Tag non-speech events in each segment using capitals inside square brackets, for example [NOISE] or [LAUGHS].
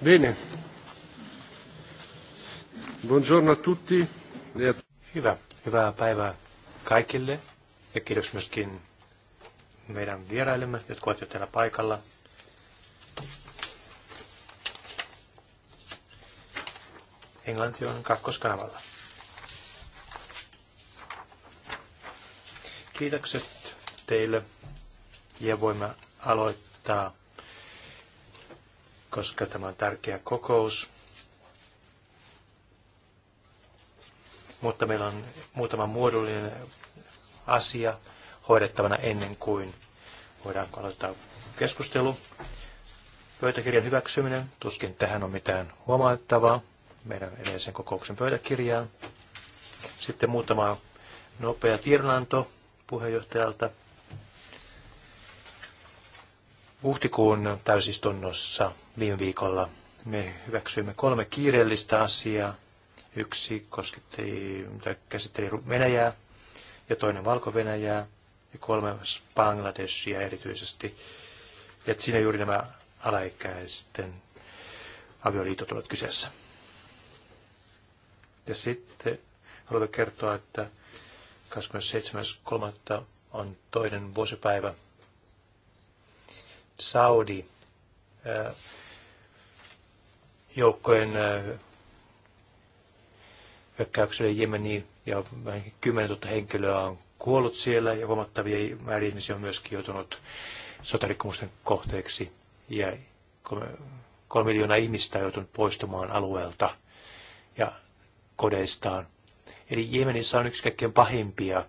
Bene. Buongiorno a tutti. E Hyvä. Hyvää päivää kaikille. Ja kiitos myöskin meidän vierailemme, jotka ovat jo täällä paikalla. Englanti on kakkoskanavalla. Kiitokset teille ja voimme aloittaa koska tämä on tärkeä kokous. Mutta meillä on muutama muodollinen asia hoidettavana ennen kuin voidaan aloittaa keskustelu. Pöytäkirjan hyväksyminen, tuskin tähän on mitään huomauttavaa meidän edellisen kokouksen pöytäkirjaan. Sitten muutama nopea tiedonanto puheenjohtajalta. Huhtikuun täysistunnossa viime viikolla me hyväksyimme kolme kiireellistä asiaa. Yksi kosketti, tai käsitteli Venäjää ja toinen Valko-Venäjää ja kolme Bangladeshia erityisesti. Ja siinä juuri nämä alaikäisten avioliitot ovat kyseessä. Ja sitten haluan kertoa, että 27.3. on toinen vuosipäivä Saudi joukkojen hyökkäykselle Jemeniin ja vähän 10 000 henkilöä on kuollut siellä ja huomattavia määriä ihmisiä on myöskin joutunut sotarikkomusten kohteeksi ja kolme miljoonaa ihmistä on joutunut poistumaan alueelta ja kodeistaan. Eli Jemenissä on yksi kaikkein pahimpia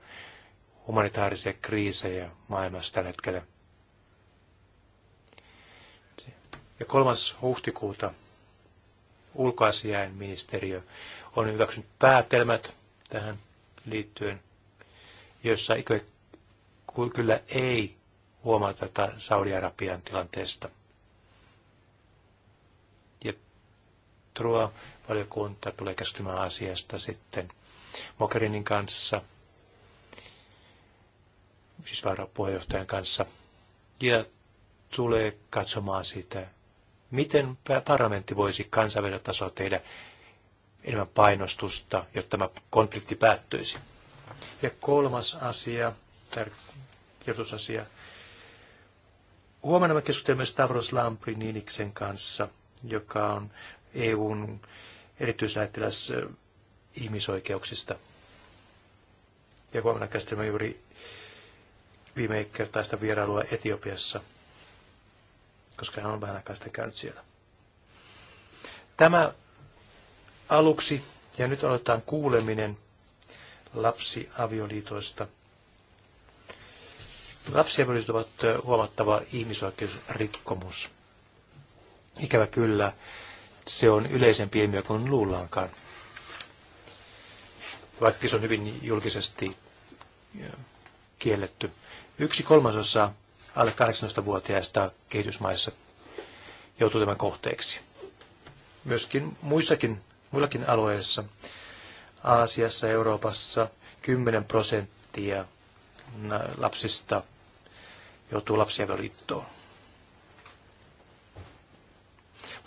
humanitaarisia kriisejä maailmassa tällä hetkellä. Ja 3. huhtikuuta ulkoasiainministeriö on hyväksynyt päätelmät tähän liittyen, jossa kyllä ei tätä Saudi-Arabian tilanteesta. Ja Trua valiokunta tulee keskustelemaan asiasta sitten Mokerinin kanssa, siis varapuheenjohtajan kanssa, ja tulee katsomaan sitä, miten parlamentti voisi kansainvälisellä tasolla tehdä enemmän painostusta, jotta tämä konflikti päättyisi. Ja kolmas asia, tärkeä Huomenna me keskustelemme Stavros Lamprininiksen kanssa, joka on EUn erityislähettiläs ihmisoikeuksista. Ja huomenna käsittelemme juuri viime kertaista vierailua Etiopiassa – koska hän on vähän aikaa sitten käynyt siellä. Tämä aluksi, ja nyt aloitetaan kuuleminen lapsiavioliitoista. Lapsiavioliitot ovat huomattava ihmisoikeusrikkomus. Ikävä kyllä, se on yleisempi ilmiö kuin luullaankaan. Vaikka se on hyvin julkisesti kielletty. Yksi kolmasosa alle 18-vuotiaista kehitysmaissa joutuu tämän kohteeksi. Myöskin muissakin, muillakin alueissa, Aasiassa, Euroopassa, 10 prosenttia lapsista joutuu lapsiavioliittoon.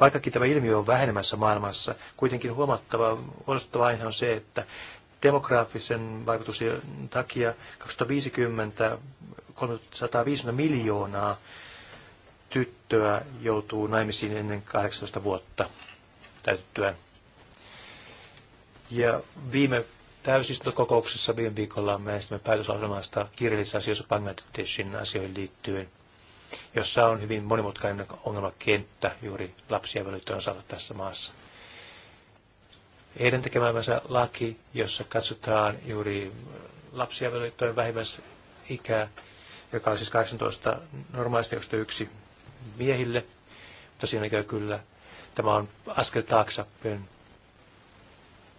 Vaikkakin tämä ilmiö on vähenemässä maailmassa, kuitenkin huomattava, huolestuttava aihe on se, että demograafisen vaikutuksen takia 2050 350 miljoonaa tyttöä joutuu naimisiin ennen 18 vuotta täytettyään. Ja viime täysistuntokokouksessa viime viikolla me äänestimme päätösohjelmasta kirjallisissa asioissa Bangladeshin asioihin liittyen, jossa on hyvin monimutkainen ongelmakenttä juuri lapsia osalta tässä maassa heidän tekemänsä laki, jossa katsotaan juuri lapsia vähimmäis vähimmäisikää, joka on siis 18 normaalisti yksi miehille, mutta siinä käy kyllä. Tämä on askel taaksepäin,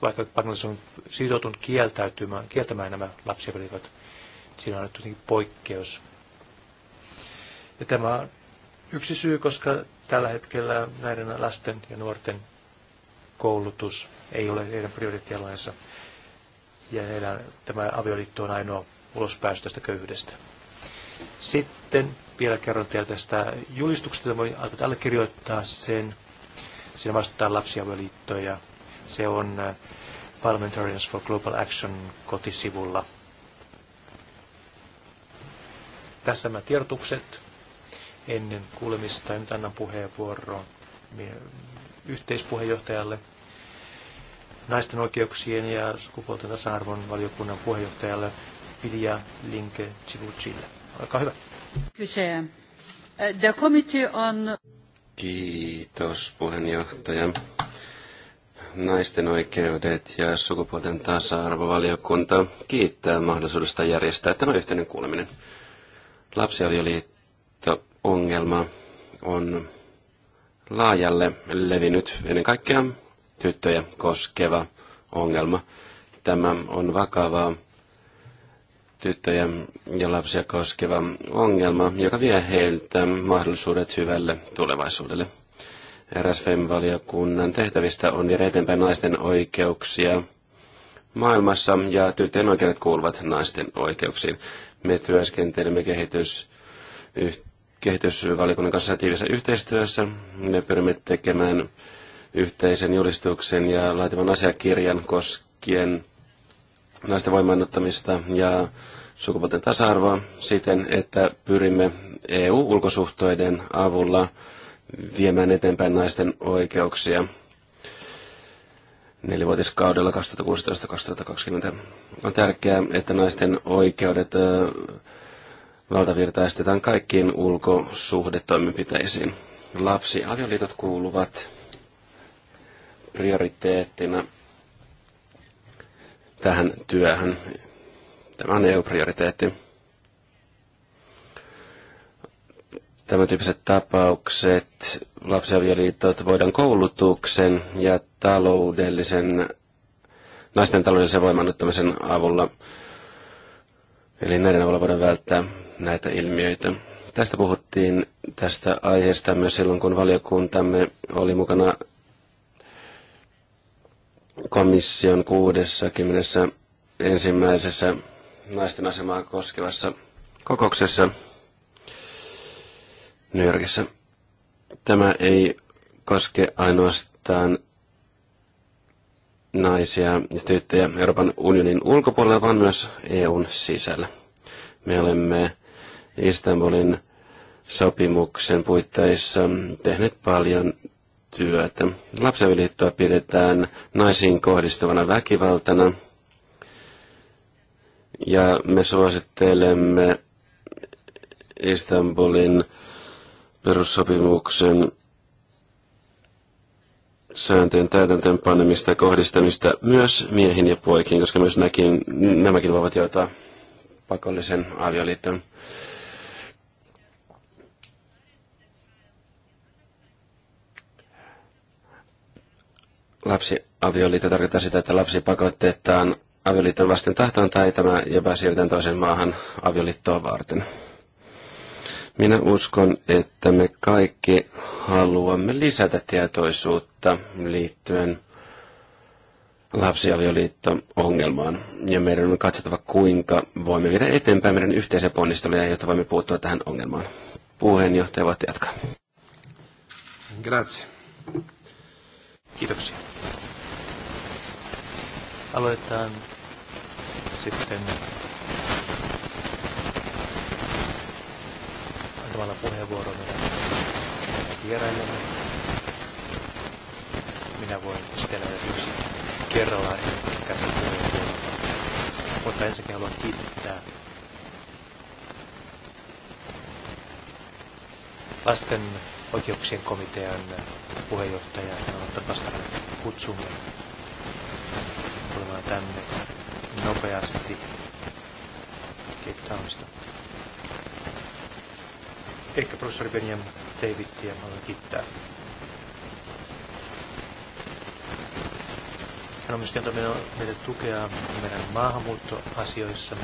vaikka Bangladesh on sitoutunut kieltäytymään, kieltämään nämä lapsiavioliitot. Siinä on nyt poikkeus. Ja tämä on yksi syy, koska tällä hetkellä näiden lasten ja nuorten koulutus ei ole heidän prioriteettialueensa. Ja heidän, tämä avioliitto on ainoa ulospääsy tästä köyhyydestä. Sitten vielä kerron teille tästä julistuksesta, että voi allekirjoittaa sen. Siinä vastataan lapsiavioliittoja. Se on äh, Parliamentarians for Global Action kotisivulla. Tässä nämä tiedotukset ennen kuulemista. nyt annan puheenvuoron yhteispuheenjohtajalle, naisten oikeuksien ja sukupuolten tasa-arvon valiokunnan puheenjohtajalle Vilja Linke Tsivutsille. Olkaa hyvä. The committee on... Kiitos puheenjohtaja. Naisten oikeudet ja sukupuolten tasa-arvovaliokunta kiittää mahdollisuudesta järjestää tämä yhteinen kuuleminen. Lapsiavioliitto-ongelma on laajalle levinnyt, ennen kaikkea tyttöjä koskeva ongelma. Tämä on vakava tyttöjä ja lapsia koskeva ongelma, joka vie heiltä mahdollisuudet hyvälle tulevaisuudelle. Eräs e valiokunnan tehtävistä on viedä eteenpäin naisten oikeuksia maailmassa, ja tyttöjen oikeudet kuuluvat naisten oikeuksiin. Me työskentelemme kehitys kehitysvaliokunnan kanssa tiivisessä yhteistyössä. Me pyrimme tekemään yhteisen julistuksen ja laatimaan asiakirjan koskien naisten voimannuttamista ja sukupuolten tasa-arvoa siten, että pyrimme EU-ulkosuhteiden avulla viemään eteenpäin naisten oikeuksia nelivuotiskaudella 2016-2020. On tärkeää, että naisten oikeudet valtavirtaistetaan kaikkiin ulkosuhdetoimenpiteisiin. avioliitot kuuluvat prioriteettina tähän työhön. Tämä on EU-prioriteetti. Tämän tyyppiset tapaukset, lapsiavioliitot voidaan koulutuksen ja taloudellisen, naisten taloudellisen voimannuttamisen avulla, eli näiden avulla voidaan välttää näitä ilmiöitä. Tästä puhuttiin tästä aiheesta myös silloin, kun valiokuntamme oli mukana komission 60 ensimmäisessä naisten asemaa koskevassa kokouksessa New Yorkissa. Tämä ei koske ainoastaan naisia ja tyttöjä Euroopan unionin ulkopuolella, vaan myös EUn sisällä. Me olemme Istanbulin sopimuksen puitteissa tehneet paljon työtä. Lapsiavioliittoa pidetään naisiin kohdistuvana väkivaltana ja me suosittelemme Istanbulin perussopimuksen sääntöjen täytäntöönpanemista kohdistamista myös miehiin ja poikiin, koska myös näkin, nämäkin voivat joutua pakollisen avioliiton lapsiavioliitto tarkoittaa sitä, että lapsi pakotetaan avioliiton vasten tahtoon tai tämä jopa siirretään toisen maahan avioliittoa varten. Minä uskon, että me kaikki haluamme lisätä tietoisuutta liittyen lapsiavioliitto-ongelmaan. Ja meidän on katsottava, kuinka voimme viedä eteenpäin meidän yhteisiä ponnisteluja, jotta voimme puuttua tähän ongelmaan. Puheenjohtaja, voitte jatkaa. Grazie. Kiitoksia. Aloitetaan sitten antamalla puheenvuoro meidän, vieraillemme. Minä voin esitellä yksi kerrallaan käyttää puheenvuoron. Mutta ensinnäkin haluan kiittää lasten oikeuksien komitean puheenjohtaja Fernando Pastaran kutsumme tulemaan tänne nopeasti Cape Townista. Ehkä professori Benjam Davidia haluan kiittää. Hän on myös antanut tukea meidän maahanmuuttoasioissamme.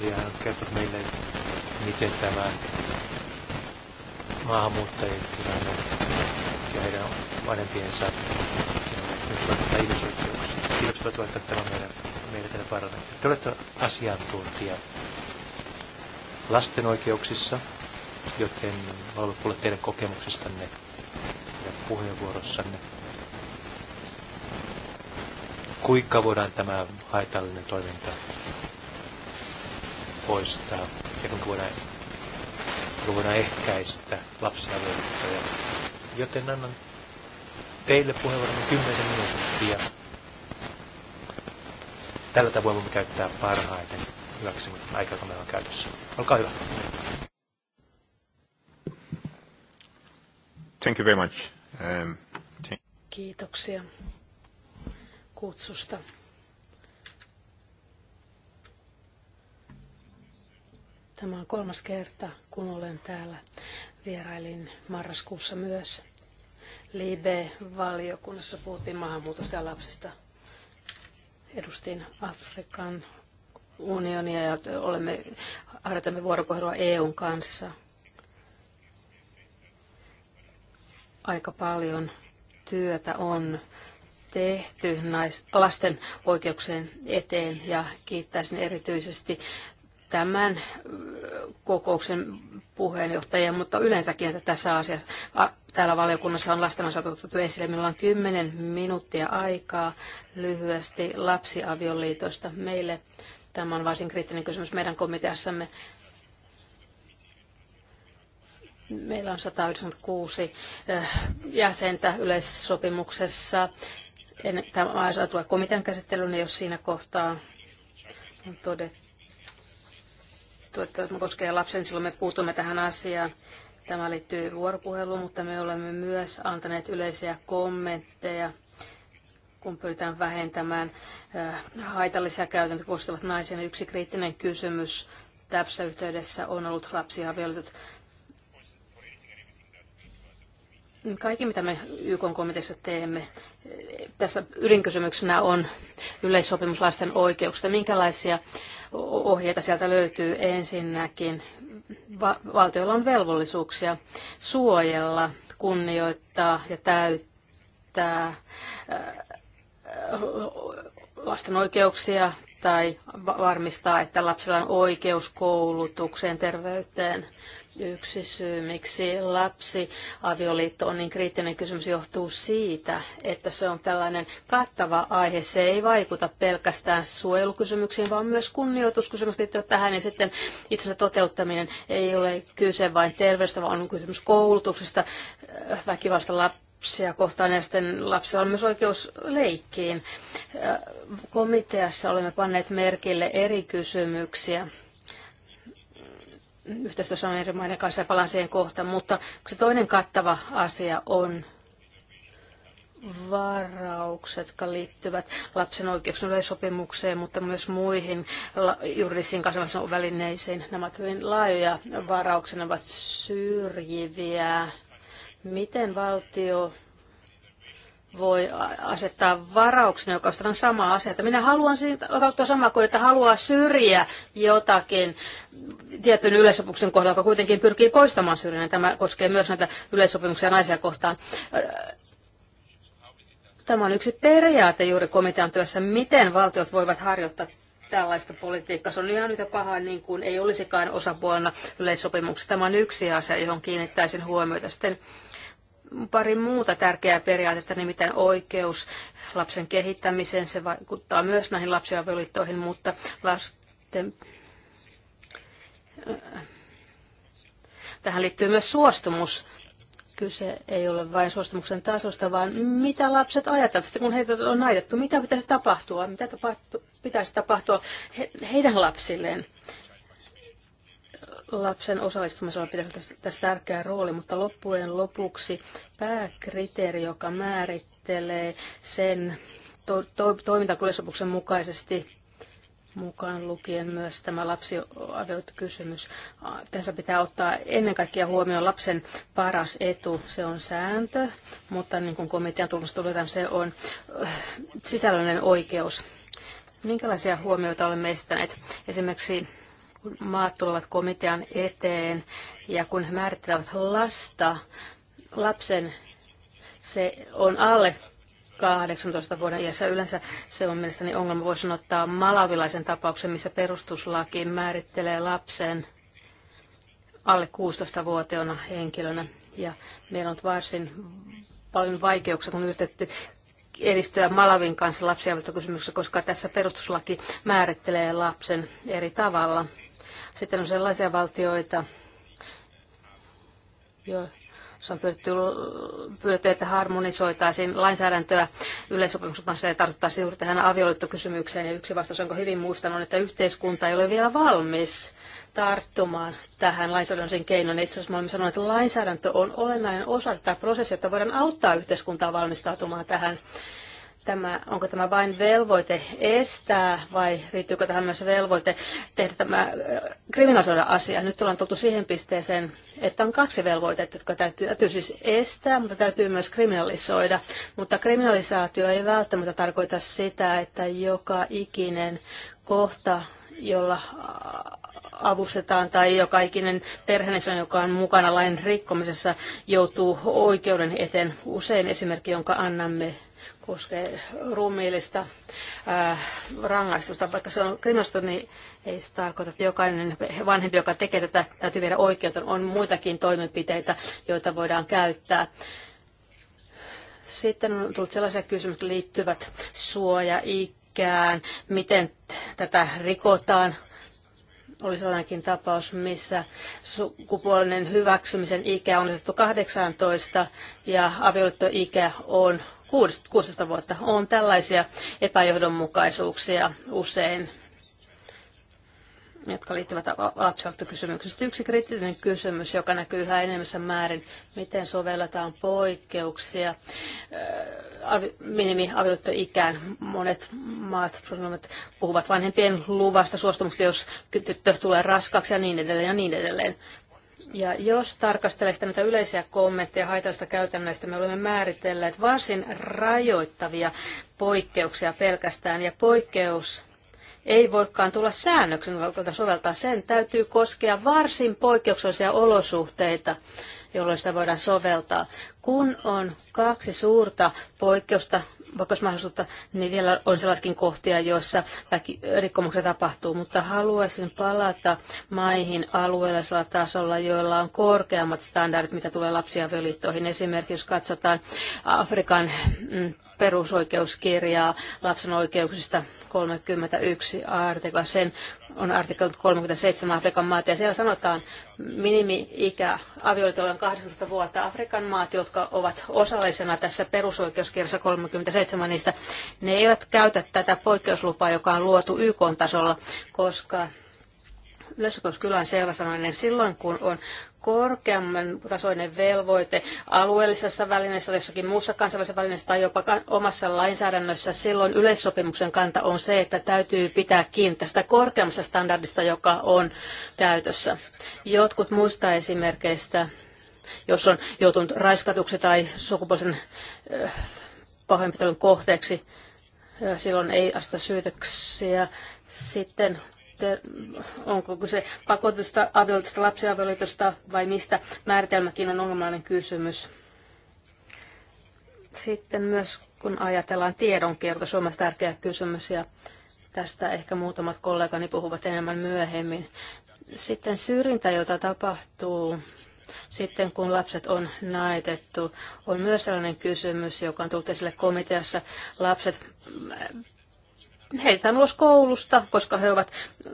Ja hän on kertonut meille, miten tämä maahanmuuttajien tilanne ja heidän vanhempiensa vaikuttaa ihmisoikeuksiin. Kiitokset ovat vaikka meidän, meidän tänne parlamentti. Te olette asiantuntija lasten oikeuksissa, joten haluan kuulla teidän kokemuksistanne ja puheenvuorossanne. Kuinka voidaan tämä haitallinen toiminta poistaa ja kuinka voidaan jolla voidaan ehkäistä lapsiavioliittoja. Joten annan teille puheenvuoron 10 minuuttia. Tällä tavoin voimme käyttää parhaiten hyväksi, mutta aika, joka meillä on käytössä. Olkaa hyvä. Thank you very much. Um, Kiitoksia kutsusta. Tämä on kolmas kerta, kun olen täällä. Vierailin marraskuussa myös Libe-valiokunnassa. Puhuttiin maahanmuutosta ja lapsista. Edustin Afrikan unionia ja olemme, harjoitamme vuoropuhelua EUn kanssa. Aika paljon työtä on tehty nais, lasten oikeuksien eteen ja kiittäisin erityisesti tämän kokouksen puheenjohtajia, mutta yleensäkin että tässä asiassa täällä valiokunnassa on lasten osalta otettu esille. Minulla on kymmenen minuuttia aikaa lyhyesti lapsiavioliitosta. Meille tämä on varsin kriittinen kysymys meidän komiteassamme. Meillä on 196 jäsentä yleissopimuksessa. En, tämä asia tulee komitean käsittelyyn, niin jos siinä kohtaa on todettu sanottu, että koskee lapsen, silloin me puutumme tähän asiaan. Tämä liittyy vuoropuheluun, mutta me olemme myös antaneet yleisiä kommentteja, kun pyritään vähentämään äh, haitallisia käytäntöjä koskevat naisia. Yksi kriittinen kysymys tässä yhteydessä on ollut lapsia vielä. Kaikki, mitä me YK-komiteassa teemme, tässä ydinkysymyksenä on yleissopimus lasten oikeuksista. Minkälaisia ohjeita sieltä löytyy ensinnäkin. valtiolla on velvollisuuksia suojella, kunnioittaa ja täyttää äh, lasten oikeuksia tai varmistaa, että lapsella on oikeus koulutukseen, terveyteen, Yksi syy, miksi lapsiavioliitto on niin kriittinen kysymys, johtuu siitä, että se on tällainen kattava aihe. Se ei vaikuta pelkästään suojelukysymyksiin, vaan myös kunnioituskysymykset liittyvät tähän. Ja sitten itsensä toteuttaminen ei ole kyse vain terveydestä, vaan on kysymys koulutuksesta, äh, väkivallasta lapsia kohtaan ja sitten lapsilla on myös oikeus leikkiin. Äh, komiteassa olemme panneet merkille eri kysymyksiä yhteistyössä on eri maiden kanssa ja palaan siihen kohta, mutta se toinen kattava asia on varaukset, jotka liittyvät lapsen oikeuksien yleissopimukseen, mutta myös muihin juridisiin kansainvälisiin välineisiin. Nämä ovat hyvin laajoja varauksia, ne ovat syrjiviä. Miten valtio voi asettaa varauksen, joka on sama asia. Että minä haluan siitä sama kuin, että haluaa syrjiä jotakin tietyn yleissopimuksen kohdalla, joka kuitenkin pyrkii poistamaan syrjinnän. Tämä koskee myös näitä yleissopimuksia naisia kohtaan. Tämä on yksi periaate juuri komitean työssä, miten valtiot voivat harjoittaa tällaista politiikkaa. Se on ihan yhtä pahaa, niin kuin ei olisikaan osapuolena yleissopimuksessa. Tämä on yksi asia, johon kiinnittäisin huomiota. Sitten pari muuta tärkeää periaatetta, nimittäin oikeus lapsen kehittämiseen. Se vaikuttaa myös näihin lapsiavioliittoihin, mutta lasten... Tähän liittyy myös suostumus. Kyse ei ole vain suostumuksen tasosta, vaan mitä lapset ajattelevat, sitten kun heitä on naitettu, mitä pitäisi tapahtua, mitä tapahtu, pitäisi tapahtua he, heidän lapsilleen lapsen osallistumisella pitäisi olla tässä tärkeä rooli, mutta loppujen lopuksi pääkriteeri, joka määrittelee sen to- to- toimintakuljesopuksen mukaisesti mukaan lukien myös tämä lapsiaviokysymys. Tässä pitää ottaa ennen kaikkea huomioon lapsen paras etu. Se on sääntö, mutta niin kuin komitean tunnustetaan, se on äh, sisällöllinen oikeus. Minkälaisia huomioita olemme esittäneet? Esimerkiksi maat tulevat komitean eteen ja kun he määrittelevät lasta, lapsen, se on alle 18 vuoden iässä. Yleensä se on mielestäni ongelma. Voisi ottaa malavilaisen tapauksen, missä perustuslaki määrittelee lapsen alle 16-vuotiaana henkilönä. Ja meillä on varsin paljon vaikeuksia, kun yritetty edistyä Malavin kanssa lapsiavioliittokysymyksessä, koska tässä perustuslaki määrittelee lapsen eri tavalla. Sitten on sellaisia valtioita, joissa on pyydetty, pyydetty että harmonisoitaisiin lainsäädäntöä yleissopimuksen kanssa ja tarvittaisiin juuri tähän avioliittokysymykseen. Ja yksi vastaus, onko hyvin muistanut, että yhteiskunta ei ole vielä valmis tarttumaan tähän lainsäädännön keinoon. Itse asiassa olemme sanoneet, että lainsäädäntö on olennainen osa tätä prosessia, että voidaan auttaa yhteiskuntaa valmistautumaan tähän. Tämä, onko tämä vain velvoite estää vai riittyykö tähän myös velvoite tehdä tämä kriminalisoida asia? Nyt ollaan tultu siihen pisteeseen, että on kaksi velvoitetta, jotka täytyy, täytyy siis estää, mutta täytyy myös kriminalisoida. Mutta kriminalisaatio ei välttämättä tarkoita sitä, että joka ikinen kohta jolla avustetaan tai joka ikinen perheenisän, joka on mukana lain rikkomisessa, joutuu oikeuden eteen. Usein esimerkki, jonka annamme, koskee ruumiillista äh, rangaistusta. Vaikka se on kriminalisoitu, niin ei se tarkoita, että jokainen vanhempi, joka tekee tätä, täytyy viedä oikeuteen. On muitakin toimenpiteitä, joita voidaan käyttää. Sitten on tullut sellaisia kysymyksiä, jotka liittyvät suoja, ikään, miten tätä rikotaan, oli sellainenkin tapaus, missä sukupuolinen hyväksymisen ikä on otettu 18 ja avioliittoikä on 16 vuotta. On tällaisia epäjohdonmukaisuuksia usein jotka liittyvät lapsiavioliittokysymyksistä. Yksi kriittinen kysymys, joka näkyy yhä enemmässä määrin, miten sovelletaan poikkeuksia äh, minimiavioliittoikään. Monet maat puhuvat vanhempien luvasta, suostumusta, jos tyttö tulee raskaksi ja niin edelleen ja niin edelleen. Ja jos tarkastelee näitä yleisiä kommentteja haitallista käytännöistä, me olemme määritelleet varsin rajoittavia poikkeuksia pelkästään. Ja poikkeus ei voikaan tulla säännöksen, jota soveltaa. Sen täytyy koskea varsin poikkeuksellisia olosuhteita, jolloin sitä voidaan soveltaa. Kun on kaksi suurta poikkeusta, poikkeusmahdollisuutta, niin vielä on sellaiskin kohtia, joissa rikkomuksia tapahtuu, mutta haluaisin palata maihin alueellisella tasolla, joilla on korkeammat standardit, mitä tulee lapsia Esimerkiksi jos katsotaan Afrikan mm, perusoikeuskirjaa lapsen oikeuksista 31 artikla. Sen on artikla 37 Afrikan maat ja siellä sanotaan minimi-ikä avioliitolla on 18 vuotta. Afrikan maat, jotka ovat osallisena tässä perusoikeuskirjassa 37 niistä, ne eivät käytä tätä poikkeuslupaa, joka on luotu YK-tasolla, koska yleisopetus kyllä on sanoinen silloin, kun on korkeamman tasoinen velvoite alueellisessa välineessä, jossakin muussa kansainvälisessä välineessä tai jopa omassa lainsäädännössä, silloin yleissopimuksen kanta on se, että täytyy pitää kiinni tästä korkeammasta standardista, joka on käytössä. Jotkut muista esimerkkeistä, jos on joutunut raiskatuksi tai sukupuolisen äh, pahoinpitelyn kohteeksi, äh, silloin ei asta syytöksiä. Sitten sitten, onko se pakotusta avioliitosta, lapsiavioliitosta vai mistä, määritelmäkin on ongelmallinen kysymys. Sitten myös kun ajatellaan tiedonkierto, se on myös tärkeä kysymys ja tästä ehkä muutamat kollegani puhuvat enemmän myöhemmin. Sitten syrjintä, jota tapahtuu sitten kun lapset on naitettu, on myös sellainen kysymys, joka on tullut esille komiteassa. Lapset Heitä ulos koulusta, koska he ovat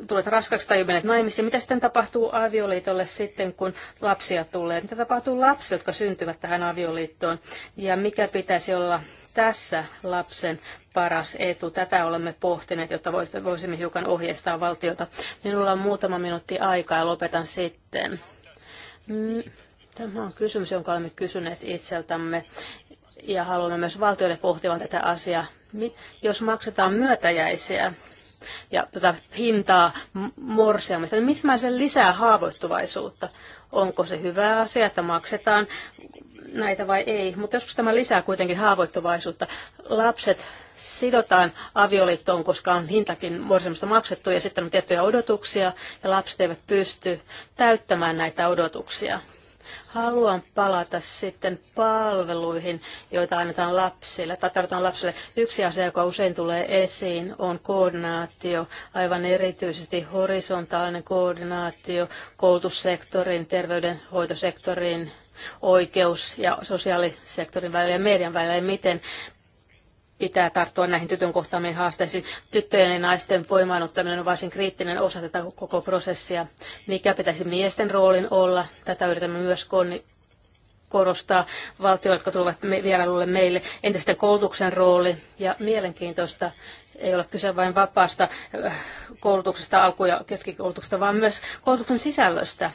tulleet raskaksi tai menneet naimisiin. Mitä sitten tapahtuu avioliitolle sitten, kun lapsia tulee? Mitä tapahtuu lapsille, jotka syntyvät tähän avioliittoon? Ja mikä pitäisi olla tässä lapsen paras etu? Tätä olemme pohtineet, jotta voisimme hiukan ohjeistaa valtiota. Minulla on muutama minuutti aikaa ja lopetan sitten. Mm, tämä on kysymys, jonka olemme kysyneet itseltämme ja haluamme myös valtioille pohtivan tätä asiaa jos maksetaan myötäjäisiä ja tätä hintaa morsiamista, niin miksi se lisää haavoittuvaisuutta? Onko se hyvä asia, että maksetaan näitä vai ei? Mutta joskus tämä lisää kuitenkin haavoittuvaisuutta. Lapset sidotaan avioliittoon, koska on hintakin morsiamista maksettu ja sitten on tiettyjä odotuksia ja lapset eivät pysty täyttämään näitä odotuksia. Haluan palata sitten palveluihin, joita annetaan lapsille tai tarvitaan lapsille. Yksi asia, joka usein tulee esiin, on koordinaatio, aivan erityisesti horisontaalinen koordinaatio koulutussektorin, terveydenhoitosektorin, oikeus- ja sosiaalisektorin välillä ja median välillä, ja miten pitää tarttua näihin tytön kohtaamiin haasteisiin. Tyttöjen ja naisten voimaanottaminen on varsin kriittinen osa tätä koko prosessia. Mikä pitäisi miesten roolin olla? Tätä yritämme myös korostaa valtioille, jotka tulevat vierailulle meille. sitten koulutuksen rooli ja mielenkiintoista ei ole kyse vain vapaasta äh, koulutuksesta, alku- ja keskikoulutuksesta, vaan myös koulutuksen sisällöstä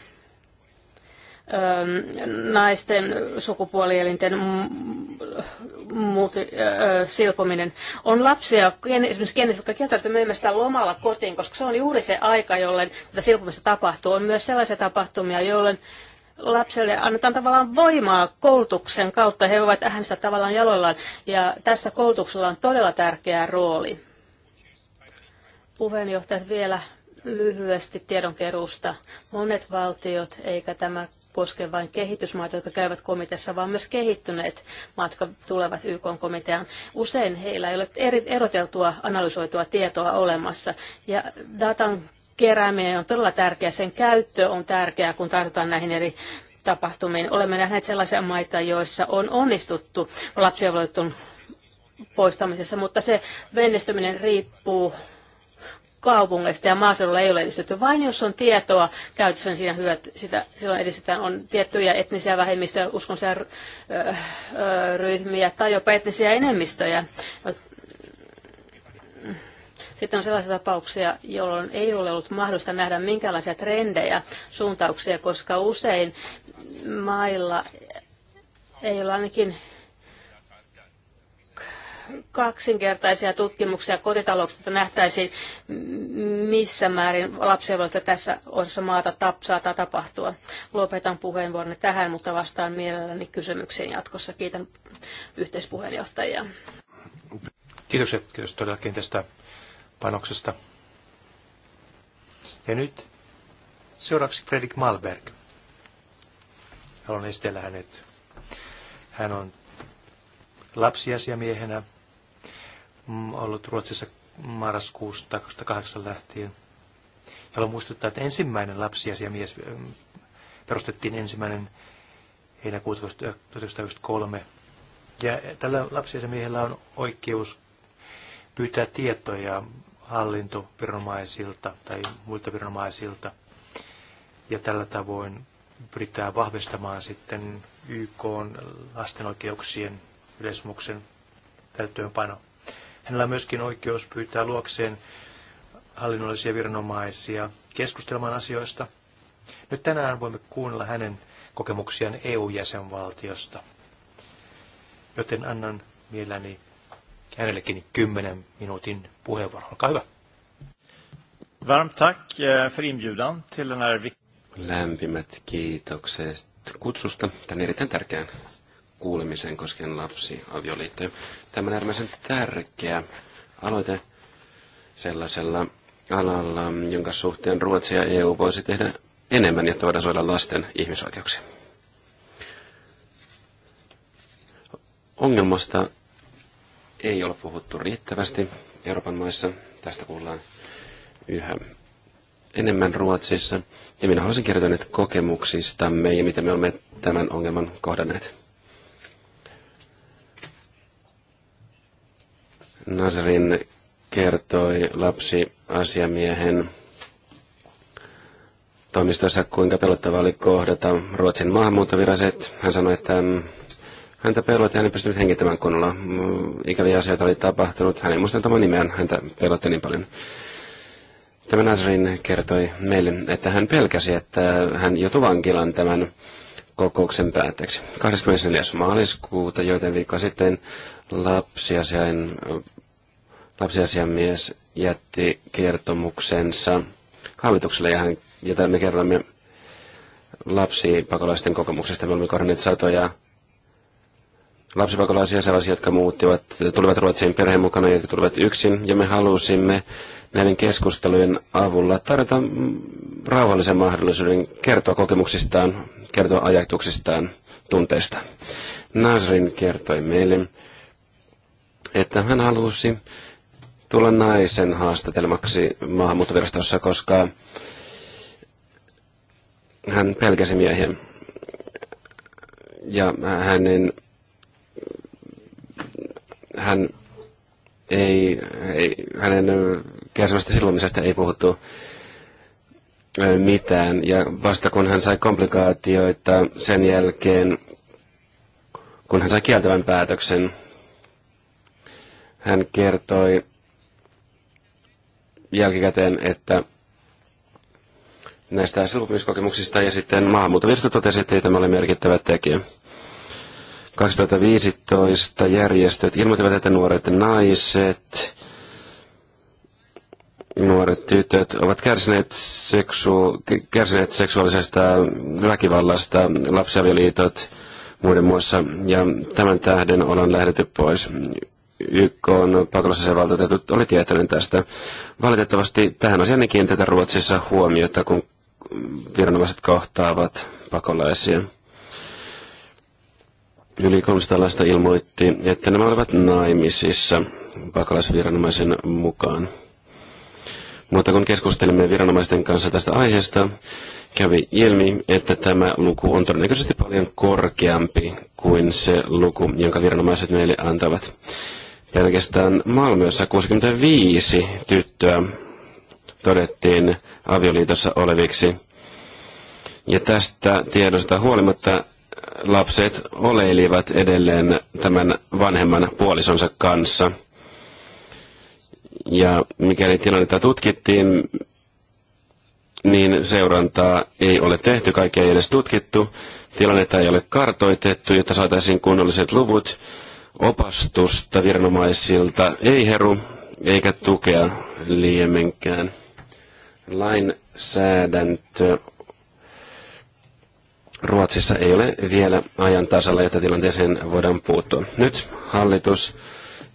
naisten sukupuolielinten muuti, ö, silpominen. On lapsia, esimerkiksi kenestä, jotka kieltävät, että menemme sitä lomalla kotiin, koska se on juuri se aika, jolloin tätä silpomista tapahtuu. On myös sellaisia tapahtumia, jolloin lapselle annetaan tavallaan voimaa koulutuksen kautta. He voivat sitä tavallaan jaloillaan. Ja tässä koulutuksella on todella tärkeä rooli. Puheenjohtaja vielä lyhyesti tiedonkeruusta. Monet valtiot, eikä tämä koske vain kehitysmaita, jotka käyvät komiteassa, vaan myös kehittyneet maat, jotka tulevat YK-komiteaan. Usein heillä ei ole eroteltua analysoitua tietoa olemassa. Ja datan kerääminen on todella tärkeää, sen käyttö on tärkeää, kun tartutaan näihin eri tapahtumiin. Olemme nähneet sellaisia maita, joissa on onnistuttu lapsiavioliiton poistamisessa, mutta se menestyminen riippuu kaupungeista ja maaseudulla ei ole edistetty. Vain jos on tietoa käytössä, niin siinä hyöt, sitä, silloin edistetään on tiettyjä etnisiä vähemmistöjä, uskonnollisia ryhmiä tai jopa etnisiä enemmistöjä. Sitten on sellaisia tapauksia, jolloin ei ole ollut mahdollista nähdä minkälaisia trendejä, suuntauksia, koska usein mailla ei ole ainakin kaksinkertaisia tutkimuksia kotitalouksista nähtäisiin, missä määrin lapsiavioliitto tässä osassa maata tap, saattaa tapahtua. Lopetan puheenvuoron tähän, mutta vastaan mielelläni kysymyksiin jatkossa. Kiitän yhteispuheenjohtajia. Kiitos, kiitos todellakin tästä panoksesta. Ja nyt seuraavaksi Fredrik Malberg. Haluan esitellä hänet. Hän on lapsiasiamiehenä Mm, ollut Ruotsissa marraskuusta 2008 lähtien, Haluan muistuttaa, että ensimmäinen lapsiasiamies mm, perustettiin ensimmäinen heinäkuuta 1993. Ja tällä lapsiasiamiehellä on oikeus pyytää tietoja hallintoviranomaisilta tai muilta viranomaisilta. Ja tällä tavoin pyritään vahvistamaan sitten YK lasten oikeuksien yleismuksen täyttöönpanoa. Hänellä on myöskin oikeus pyytää luokseen hallinnollisia viranomaisia keskustelemaan asioista. Nyt tänään voimme kuunnella hänen kokemuksiaan EU-jäsenvaltiosta, joten annan mielelläni hänellekin 10 minuutin puheenvuoro. Olkaa hyvä. Varmt tack eh, för inbjudan till den här Lämpimät kiitokset kutsusta tämän erittäin tärkeän kuulemisen koskien lapsiavioliittoja. Tämä on äärimmäisen tärkeä aloite sellaisella alalla, jonka suhteen Ruotsi ja EU voisi tehdä enemmän, jotta voidaan suojella lasten ihmisoikeuksia. Ongelmasta ei ole puhuttu riittävästi Euroopan maissa. Tästä kuullaan yhä enemmän Ruotsissa. Ja minä haluaisin kertoa nyt kokemuksistamme ja miten me olemme tämän ongelman kohdanneet. Nasrin kertoi lapsiasiamiehen toimistossa, kuinka pelottava oli kohdata Ruotsin maahanmuuttoviraset. Hän sanoi, että häntä pelotti, hän ei pystynyt hengittämään kunnolla. Ikäviä asioita oli tapahtunut, hän ei muistanut oman nimeään, häntä pelotti niin paljon. Tämä Nasrin kertoi meille, että hän pelkäsi, että hän joutui vankilan tämän kokouksen päätteeksi. 24. maaliskuuta, joten viikko sitten, lapsiasian, lapsiasiamies jätti kertomuksensa hallitukselle ja, hän, ja me kerroimme lapsipakolaisten kokemuksesta. Me olemme kohdanneet satoja lapsipakolaisia, sellaisia, jotka muuttivat, tulivat Ruotsiin perheen mukana, ja tulivat yksin, ja me halusimme näiden keskustelujen avulla tarjota rauhallisen mahdollisuuden kertoa kokemuksistaan, kertoa ajatuksistaan, tunteista. Nasrin kertoi meille, että hän halusi tulla naisen haastatelmaksi maahanmuuttovirastossa, koska hän pelkäsi miehiä. Ja hänen, hän ei, ei hänen kärsivästä silloimisesta ei puhuttu mitään. Ja vasta kun hän sai komplikaatioita sen jälkeen, kun hän sai kieltävän päätöksen, hän kertoi jälkikäteen, että näistä silpomiskokemuksista ja sitten maahanmuuttovirasto totesi, että ei tämä ole merkittävä tekijä. 2015 järjestöt ilmoittivat, että nuoret naiset, nuoret tytöt ovat kärsineet, seksu, kärsineet seksuaalisesta väkivallasta, lapsiavioliitot muiden muassa, ja tämän tähden ollaan lähdetty pois. YK on pakolaisasiavaltuutetut oli tietoinen tästä. Valitettavasti tähän asiaan ei kiinnitetä Ruotsissa huomiota, kun viranomaiset kohtaavat pakolaisia. Yli 300 lasta ilmoitti, että nämä olivat naimisissa pakolaisviranomaisen mukaan. Mutta kun keskustelimme viranomaisten kanssa tästä aiheesta, kävi ilmi, että tämä luku on todennäköisesti paljon korkeampi kuin se luku, jonka viranomaiset meille antavat oikeastaan Malmössä 65 tyttöä todettiin avioliitossa oleviksi. Ja tästä tiedosta huolimatta lapset oleilivat edelleen tämän vanhemman puolisonsa kanssa. Ja mikäli tilannetta tutkittiin, niin seurantaa ei ole tehty, kaikkea ei edes tutkittu, tilannetta ei ole kartoitettu, jotta saataisiin kunnolliset luvut opastusta viranomaisilta ei heru, eikä tukea liemenkään. Lainsäädäntö Ruotsissa ei ole vielä ajan tasalla, jotta tilanteeseen voidaan puuttua. Nyt hallitus,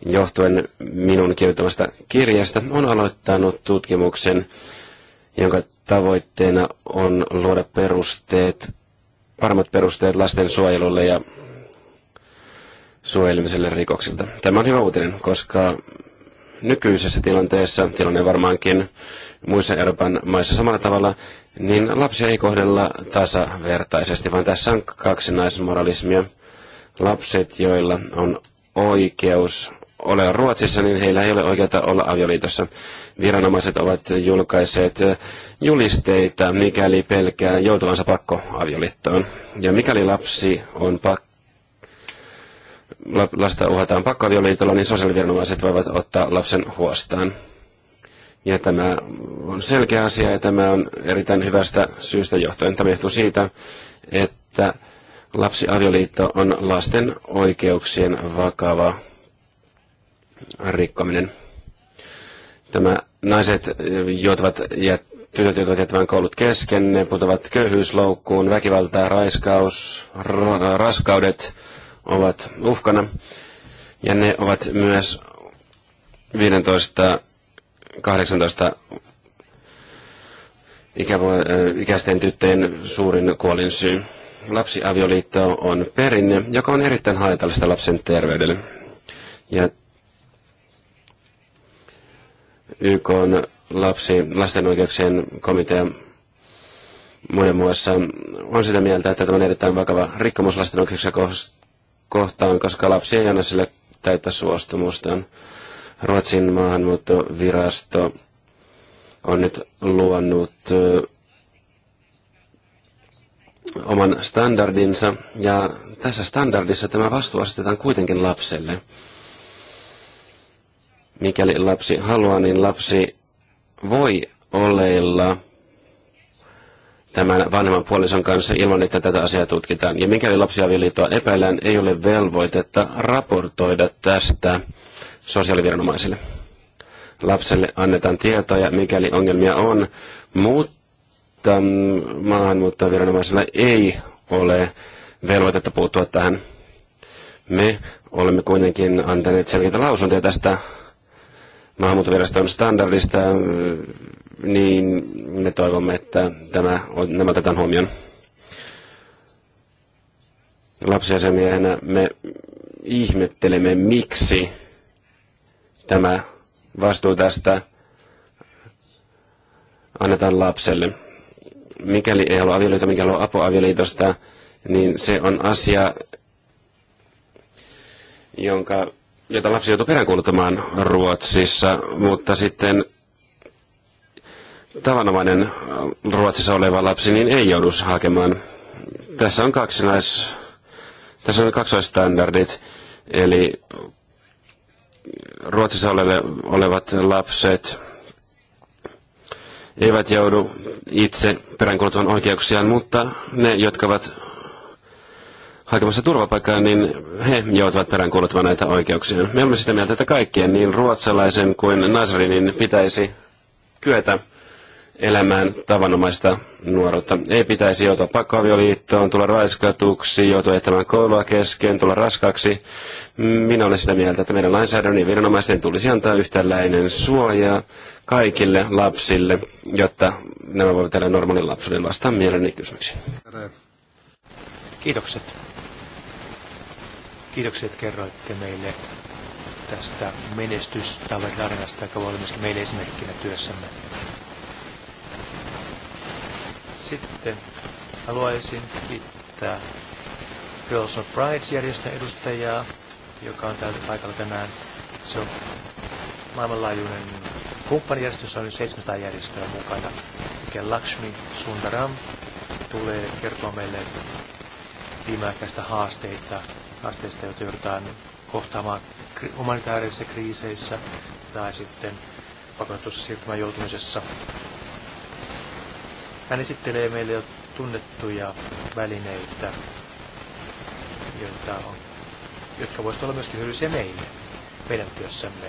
johtuen minun kirjoittamasta kirjasta, on aloittanut tutkimuksen, jonka tavoitteena on luoda perusteet, paremmat perusteet lastensuojelulle ja suojelemiselle rikoksilta. Tämä on hyvä uutinen, koska nykyisessä tilanteessa, tilanne varmaankin muissa Euroopan maissa samalla tavalla, niin lapsia ei kohdella tasavertaisesti, vaan tässä on kaksi naismoralismia. Lapset, joilla on oikeus olla Ruotsissa, niin heillä ei ole oikeutta olla avioliitossa. Viranomaiset ovat julkaiseet julisteita, mikäli pelkää joutuvansa pakko avioliittoon. Ja mikäli lapsi on pakko lasta uhataan pakkoavioliitolla, niin sosiaaliviranomaiset voivat ottaa lapsen huostaan. Ja tämä on selkeä asia ja tämä on erittäin hyvästä syystä johtuen. Tämä johtuu siitä, että lapsiavioliitto on lasten oikeuksien vakava rikkominen. Tämä naiset eh, joutuvat jättämään tytöt joutuvat jättämään koulut kesken, ne putovat köyhyysloukkuun, väkivaltaa, raiskaus, ra- raskaudet, ovat uhkana. Ja ne ovat myös 15-18 äh, ikäisten tyttöjen suurin syy. Lapsiavioliitto on perinne, joka on erittäin haitallista lapsen terveydelle. Ja YK on lapsi, lasten oikeuksien komitea muiden muassa on sitä mieltä, että tämä on erittäin vakava rikkomus lasten oikeuksia kohtaan, koska lapsi ei anna sille täyttä suostumustaan. Ruotsin maahanmuuttovirasto on nyt luonut oman standardinsa, ja tässä standardissa tämä vastuu asetetaan kuitenkin lapselle. Mikäli lapsi haluaa, niin lapsi voi oleilla tämän vanhemman puolison kanssa ilman, että tätä asiaa tutkitaan. Ja mikäli lapsiavioliittoa epäillään, ei ole velvoitetta raportoida tästä sosiaaliviranomaisille. Lapselle annetaan tietoja, mikäli ongelmia on, mutta maahanmuuttajaviranomaisilla ei ole velvoitetta puuttua tähän. Me olemme kuitenkin antaneet selkeitä lausuntoja tästä maahanmuuttoviraston standardista, äh, niin me toivomme, että tämä, nämä otetaan huomioon. Lapsiasemiehenä me ihmettelemme, miksi tämä vastuu tästä annetaan lapselle. Mikäli ei halua avioliitosta, mikäli on avioliitosta, niin se on asia, jonka jota lapsi joutui peräänkuuluttamaan Ruotsissa, mutta sitten tavanomainen Ruotsissa oleva lapsi niin ei joudu hakemaan. Tässä on kaksinais, tässä on kaksoistandardit, eli Ruotsissa oleve, olevat lapset eivät joudu itse peräänkuuluttamaan oikeuksiaan, mutta ne, jotka ovat hakemassa turvapaikkaa, niin he joutuvat peräänkuuluttamaan näitä oikeuksia. Me olemme sitä mieltä, että kaikkien, niin ruotsalaisen kuin Nasrinin, pitäisi kyetä elämään tavanomaista nuoruutta. Ei pitäisi joutua pakkoavioliittoon, tulla raiskatuksi, joutua ettämään koulua kesken, tulla raskaaksi. Minä olen sitä mieltä, että meidän lainsäädännön ja viranomaisten tulisi antaa yhtäläinen suoja kaikille lapsille, jotta nämä voivat tehdä normaalin lapsuuden vastaan mieleni Kiitokset. Kiitoksia, että kerroitte meille tästä menestystavaritarinasta, joka voi olla myöskin meille esimerkkinä työssämme. Sitten haluaisin kiittää Girls of Brides järjestön edustajaa, joka on täällä paikalla tänään. Se on maailmanlaajuinen kumppanijärjestö, jossa on nyt 700 järjestöä mukana. Mikä Lakshmi Sundaram tulee kertoa meille viimeaikaista haasteita asteista, joita joudutaan kohtaamaan humanitaarisissa kriiseissä tai sitten pakotetussa siirtymään joutumisessa. Hän esittelee meille jo tunnettuja välineitä, joita on, jotka voisivat olla myöskin hyödyllisiä meille, meidän työssämme.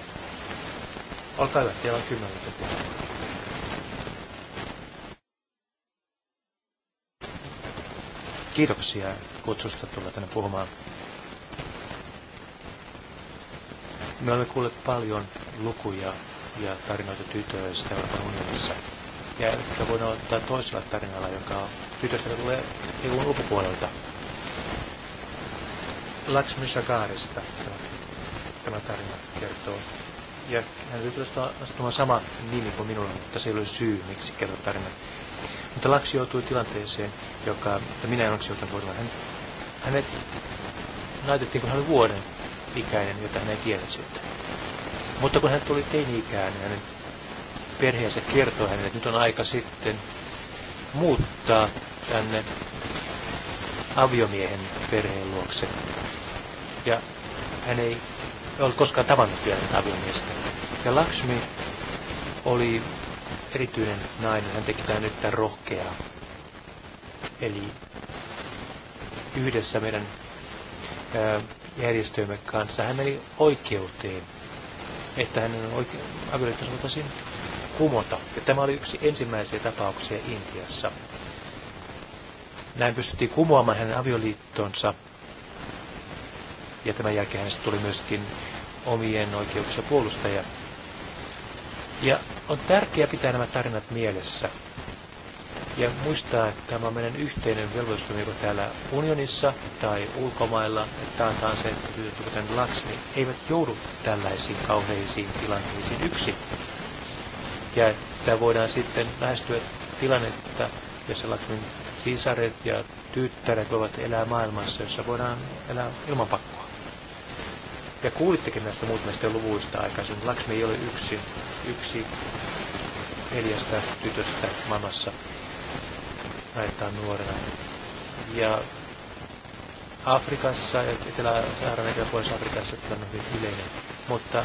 Olkaa hyvä, teillä on kymmenen Kiitoksia kutsusta tulla tänne puhumaan. Me olemme kuulleet paljon lukuja ja tarinoita tytöistä Euroopan unionissa, ja ehkä voidaan ottaa toisella tarinalla, joka tytöstä joka tulee EUn ulkopuolelta. Lakshmi Shagarista tämä, tämä tarina kertoo. Ja hän tytöstä astumaan sama nimi kuin minulla, mutta se ei ole syy, miksi kertoo tarina. Mutta Laksi joutui tilanteeseen, joka, minä en ole joutunut voimaan. Hän, hänet naitettiin, kun hän oli vuoden ikäinen, jota hän ei tiennyt sitten. Mutta kun hän tuli teini-ikään, niin hänen perheensä kertoi hänelle, että nyt on aika sitten muuttaa tänne aviomiehen perheen luokse. Ja hän ei ollut koskaan tavannut vielä tätä aviomiestä. Ja Lakshmi oli erityinen nainen, hän teki tämän nyt tämän rohkeaa. Eli yhdessä meidän järjestöimme kanssa. Hän meni oikeuteen, että hänen oike- avioliittonsa voitaisiin kumota. Ja tämä oli yksi ensimmäisiä tapauksia Intiassa. Näin pystyttiin kumoamaan hänen avioliittonsa. Ja tämän jälkeen hänestä tuli myöskin omien oikeuksien puolustaja. Ja on tärkeää pitää nämä tarinat mielessä ja muistaa, että tämä on meidän yhteinen velvollisuus, joko täällä unionissa tai ulkomailla, että taataan se, että tytöt, kuten lapsi, niin eivät joudu tällaisiin kauheisiin tilanteisiin yksin. Ja että voidaan sitten lähestyä tilannetta, jossa lapsen sisaret ja tyttäret voivat elää maailmassa, jossa voidaan elää ilman pakkoa. Ja kuulittekin näistä muutamista luvuista aikaisemmin. Lakshmi ei ole yksi, yksi neljästä tytöstä maailmassa näyttää nuorena. Ja Afrikassa, Etelä-Saharan Etelä-Pohjois-Afrikassa tilanne on hyvin yleinen. Mutta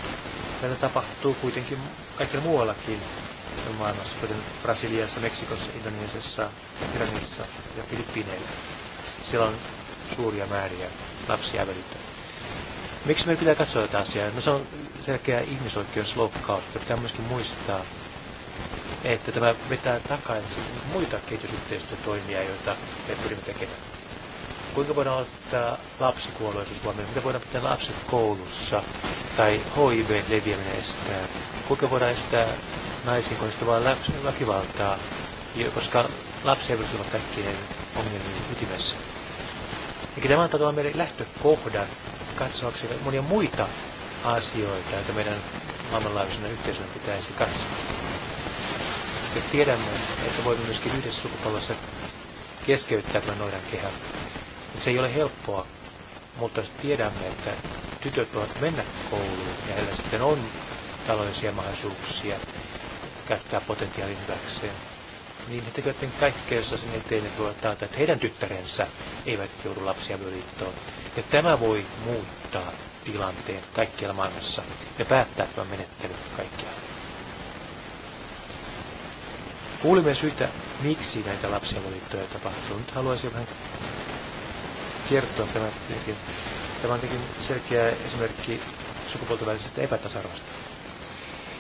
näitä tapahtuu kuitenkin kaikilla muuallakin maailmassa, kuten Brasiliassa, Meksikossa, Indonesiassa, Iranissa ja Filippiineillä. Siellä on suuria määriä lapsia välittömästi. Miksi me pitää katsoa tätä asiaa? No se on selkeä ihmisoikeusloukkaus, mutta pitää myöskin muistaa, että tämä vetää takaisin muita kehitysyhteistyötoimia, joita me pyrimme tekemään. Kuinka voidaan ottaa lapsikuolleisuus huomioon? Miten voidaan pitää lapset koulussa? Tai HIV leviäminen estää? Kuinka voidaan estää naisiin kohdistuvaa väkivaltaa? Koska lapsia ole kaikkien ongelmien ytimessä. Eli tämä antaa tämän meille lähtökohdan katsoaksi monia muita asioita, joita meidän maailmanlaajuisena yhteisönä pitäisi katsoa koska tiedämme, että voimme myöskin yhdessä sukupolvessa keskeyttää tämän noidan kehän. Se ei ole helppoa, mutta tiedämme, että tytöt voivat mennä kouluun ja heillä sitten on taloudellisia mahdollisuuksia käyttää potentiaalin hyväkseen. Niin he tekevät kaikkeensa sen eteen, että voivat taata, että heidän tyttärensä eivät joudu lapsia liittoon. Ja tämä voi muuttaa tilanteen kaikkialla maailmassa ja päättää tämän menettelyn kaikkialla. Kuulimme syitä, miksi näitä lapsiavoliittoja tapahtuu. Nyt haluaisin vähän kertoa tämän tietenkin. Tämä on tietenkin selkeä esimerkki sukupuolten välisestä epätasarvosta.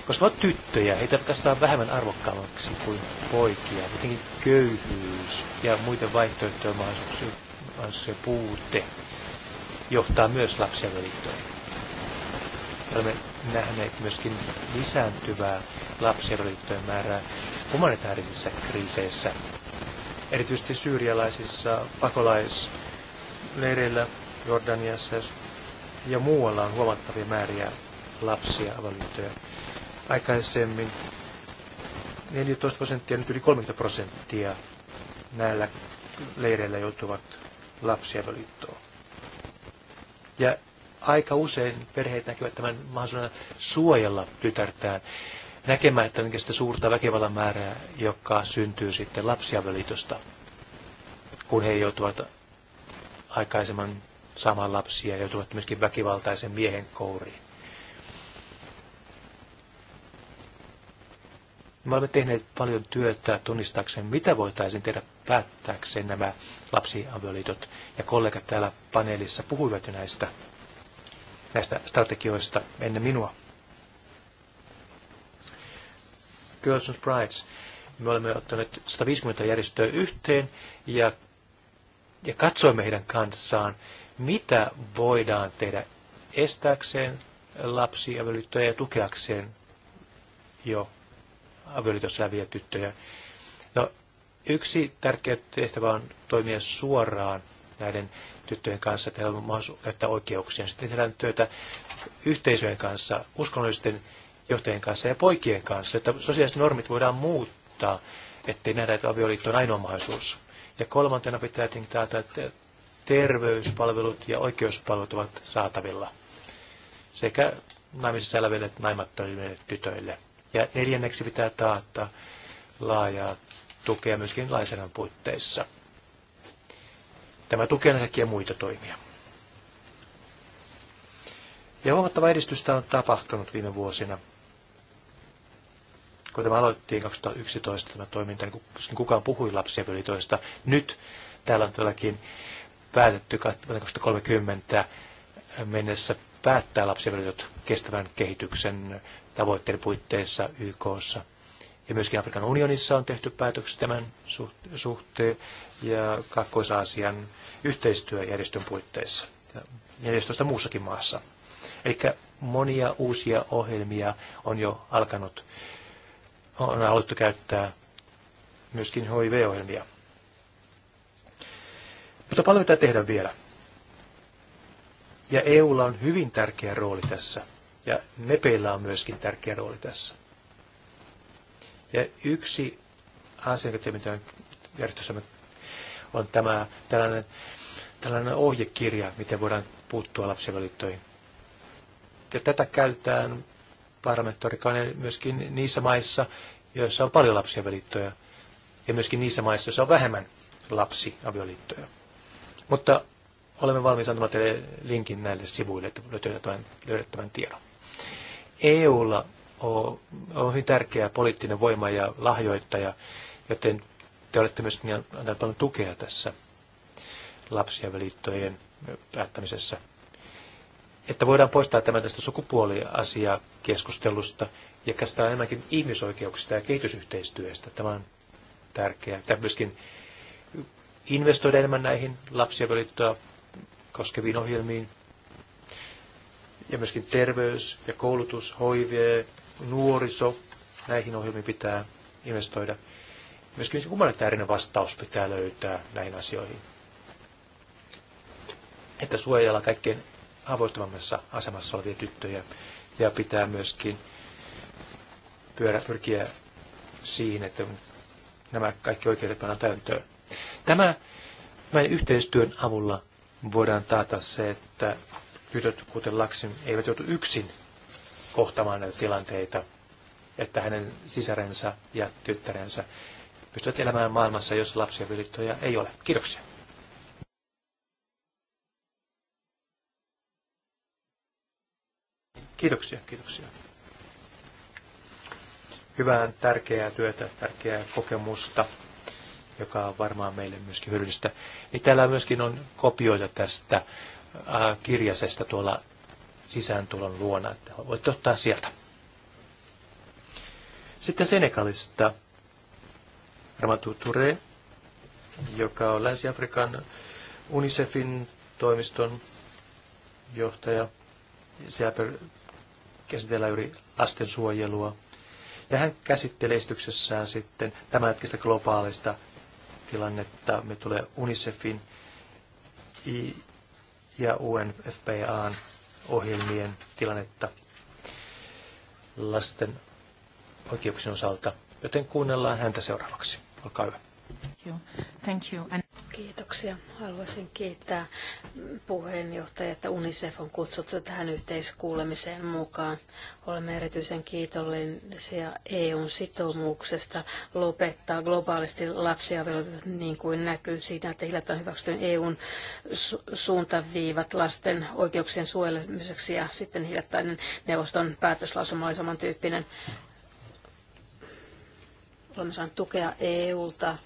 Koska ovat tyttöjä, heitä katsotaan vähemmän arvokkaammaksi kuin poikia. Jotenkin köyhyys ja muiden vaihtoehtojen mahdollisuuksien puute johtaa myös lapsiavoliittoihin. Olemme nähneet myöskin lisääntyvää lapsiavioliittojen määrää humanitaarisissa kriiseissä, erityisesti syyrialaisissa pakolaisleireillä Jordaniassa ja muualla on huomattavia määriä lapsia avoliittoja. Aikaisemmin 14 prosenttia, nyt yli 30 prosenttia näillä leireillä joutuvat lapsiavoliittoon. Ja aika usein perheet näkevät tämän mahdollisuuden suojella tytärtään näkemättä sitä suurta väkivallan määrää, joka syntyy sitten lapsiavioliitosta, kun he joutuvat aikaisemman saamaan lapsia ja joutuvat myöskin väkivaltaisen miehen kouriin. Me olemme tehneet paljon työtä tunnistaakseen, mitä voitaisiin tehdä päättääkseen nämä lapsiavioliitot. Ja kollegat täällä paneelissa puhuivat jo näistä näistä strategioista ennen minua. Girls and Brides. Me olemme ottaneet 150 järjestöä yhteen ja, ja katsoimme heidän kanssaan, mitä voidaan tehdä estääkseen lapsia avioliittoja ja tukeakseen jo avioliitossa läviä tyttöjä. No, yksi tärkeä tehtävä on toimia suoraan näiden tyttöjen kanssa, että heillä on mahdollisuus käyttää oikeuksia. Sitten tehdään työtä yhteisöjen kanssa, uskonnollisten johtajien kanssa ja poikien kanssa, että sosiaaliset normit voidaan muuttaa, ettei nähdä, että avioliitto on ainoa mahdollisuus. Ja kolmantena pitää tietenkin taata, että terveyspalvelut ja oikeuspalvelut ovat saatavilla sekä naimisissa eläville että naimattomille tytöille. Ja neljänneksi pitää taata laajaa tukea myöskin lainsäädännön puitteissa. Tämä tukee kaikkia muita toimia. Ja huomattava edistystä on tapahtunut viime vuosina. Kun tämä aloittiin 2011 tämä toiminta, niin, niin kukaan puhui lapsiavioliitoista. Nyt täällä on todellakin päätetty 2030 mennessä päättää lapsiavioliitot kestävän kehityksen tavoitteiden puitteissa YKssa. Ja myöskin Afrikan unionissa on tehty päätöksiä tämän suhteen ja Kaakkois-Aasian yhteistyöjärjestön puitteissa ja 14 muussakin maassa. Eli monia uusia ohjelmia on jo alkanut, on haluttu käyttää myöskin HIV-ohjelmia. Mutta paljon pitää tehdä vielä. Ja EUlla on hyvin tärkeä rooli tässä. Ja MEPEillä on myöskin tärkeä rooli tässä. Ja yksi asia, mitä järjestössämme on tämä tällainen, tällainen ohjekirja, miten voidaan puuttua lapsiavioliittoihin. Ja tätä käytetään parlamentaarikaan myöskin niissä maissa, joissa on paljon lapsiavioliittoja, ja myöskin niissä maissa, joissa on vähemmän lapsiavioliittoja. Mutta olemme valmiita antamaan teille linkin näille sivuille, että löydät tämän, löydät tämän tiedon. EUlla on, on hyvin tärkeä poliittinen voima ja lahjoittaja, joten te olette myös antaneet paljon tukea tässä lapsiavioliittojen päättämisessä. Että voidaan poistaa tämä tästä sukupuoliasia keskustelusta ja käsittää enemmänkin ihmisoikeuksista ja kehitysyhteistyöstä. Tämä on tärkeää. Tämä myöskin investoida enemmän näihin lapsiavioliittoa koskeviin ohjelmiin. Ja myöskin terveys ja koulutus, hoive, nuoriso, näihin ohjelmiin pitää investoida. Myöskin humanitaarinen vastaus pitää löytää näihin asioihin. Että suojella kaikkein haavoittuvammassa asemassa olevia tyttöjä ja pitää myöskin pyörä, pyrkiä siihen, että nämä kaikki oikeudet pannaan täyntöön. Tämä meidän yhteistyön avulla voidaan taata se, että tytöt, kuten Laksin, eivät joutu yksin kohtamaan näitä tilanteita, että hänen sisarensa ja tyttärensä pystyvät elämään maailmassa, jos lapsia ja ei ole. Kiitoksia. Kiitoksia, kiitoksia. Hyvää, tärkeää työtä, tärkeää kokemusta, joka on varmaan meille myöskin hyödyllistä. Niin täällä myöskin on kopioita tästä äh, kirjasesta tuolla sisääntulon luona, että voit ottaa sieltä. Sitten Senegalista Ramatu Ture, joka on Länsi-Afrikan UNICEFin toimiston johtaja. Siellä käsitellään juuri lastensuojelua. Ja hän käsittelee esityksessään sitten tämänhetkistä globaalista tilannetta. Me tulee UNICEFin ja UNFPAn ohjelmien tilannetta lasten oikeuksien osalta, joten kuunnellaan häntä seuraavaksi. Olkaa hyvä. Thank you. And... Kiitoksia. Haluaisin kiittää puheenjohtajaa, että UNICEF on kutsuttu tähän yhteiskuulemiseen mukaan. Olemme erityisen kiitollisia EUn sitoumuksesta lopettaa globaalisti lapsiavioliitot niin kuin näkyy siinä, että hiljattain hyväksytyn EUn su- suuntaviivat lasten oikeuksien suojelemiseksi ja sitten hiljattainen neuvoston päätöslausuma oli samantyyppinen olemme saaneet tukea EUlta.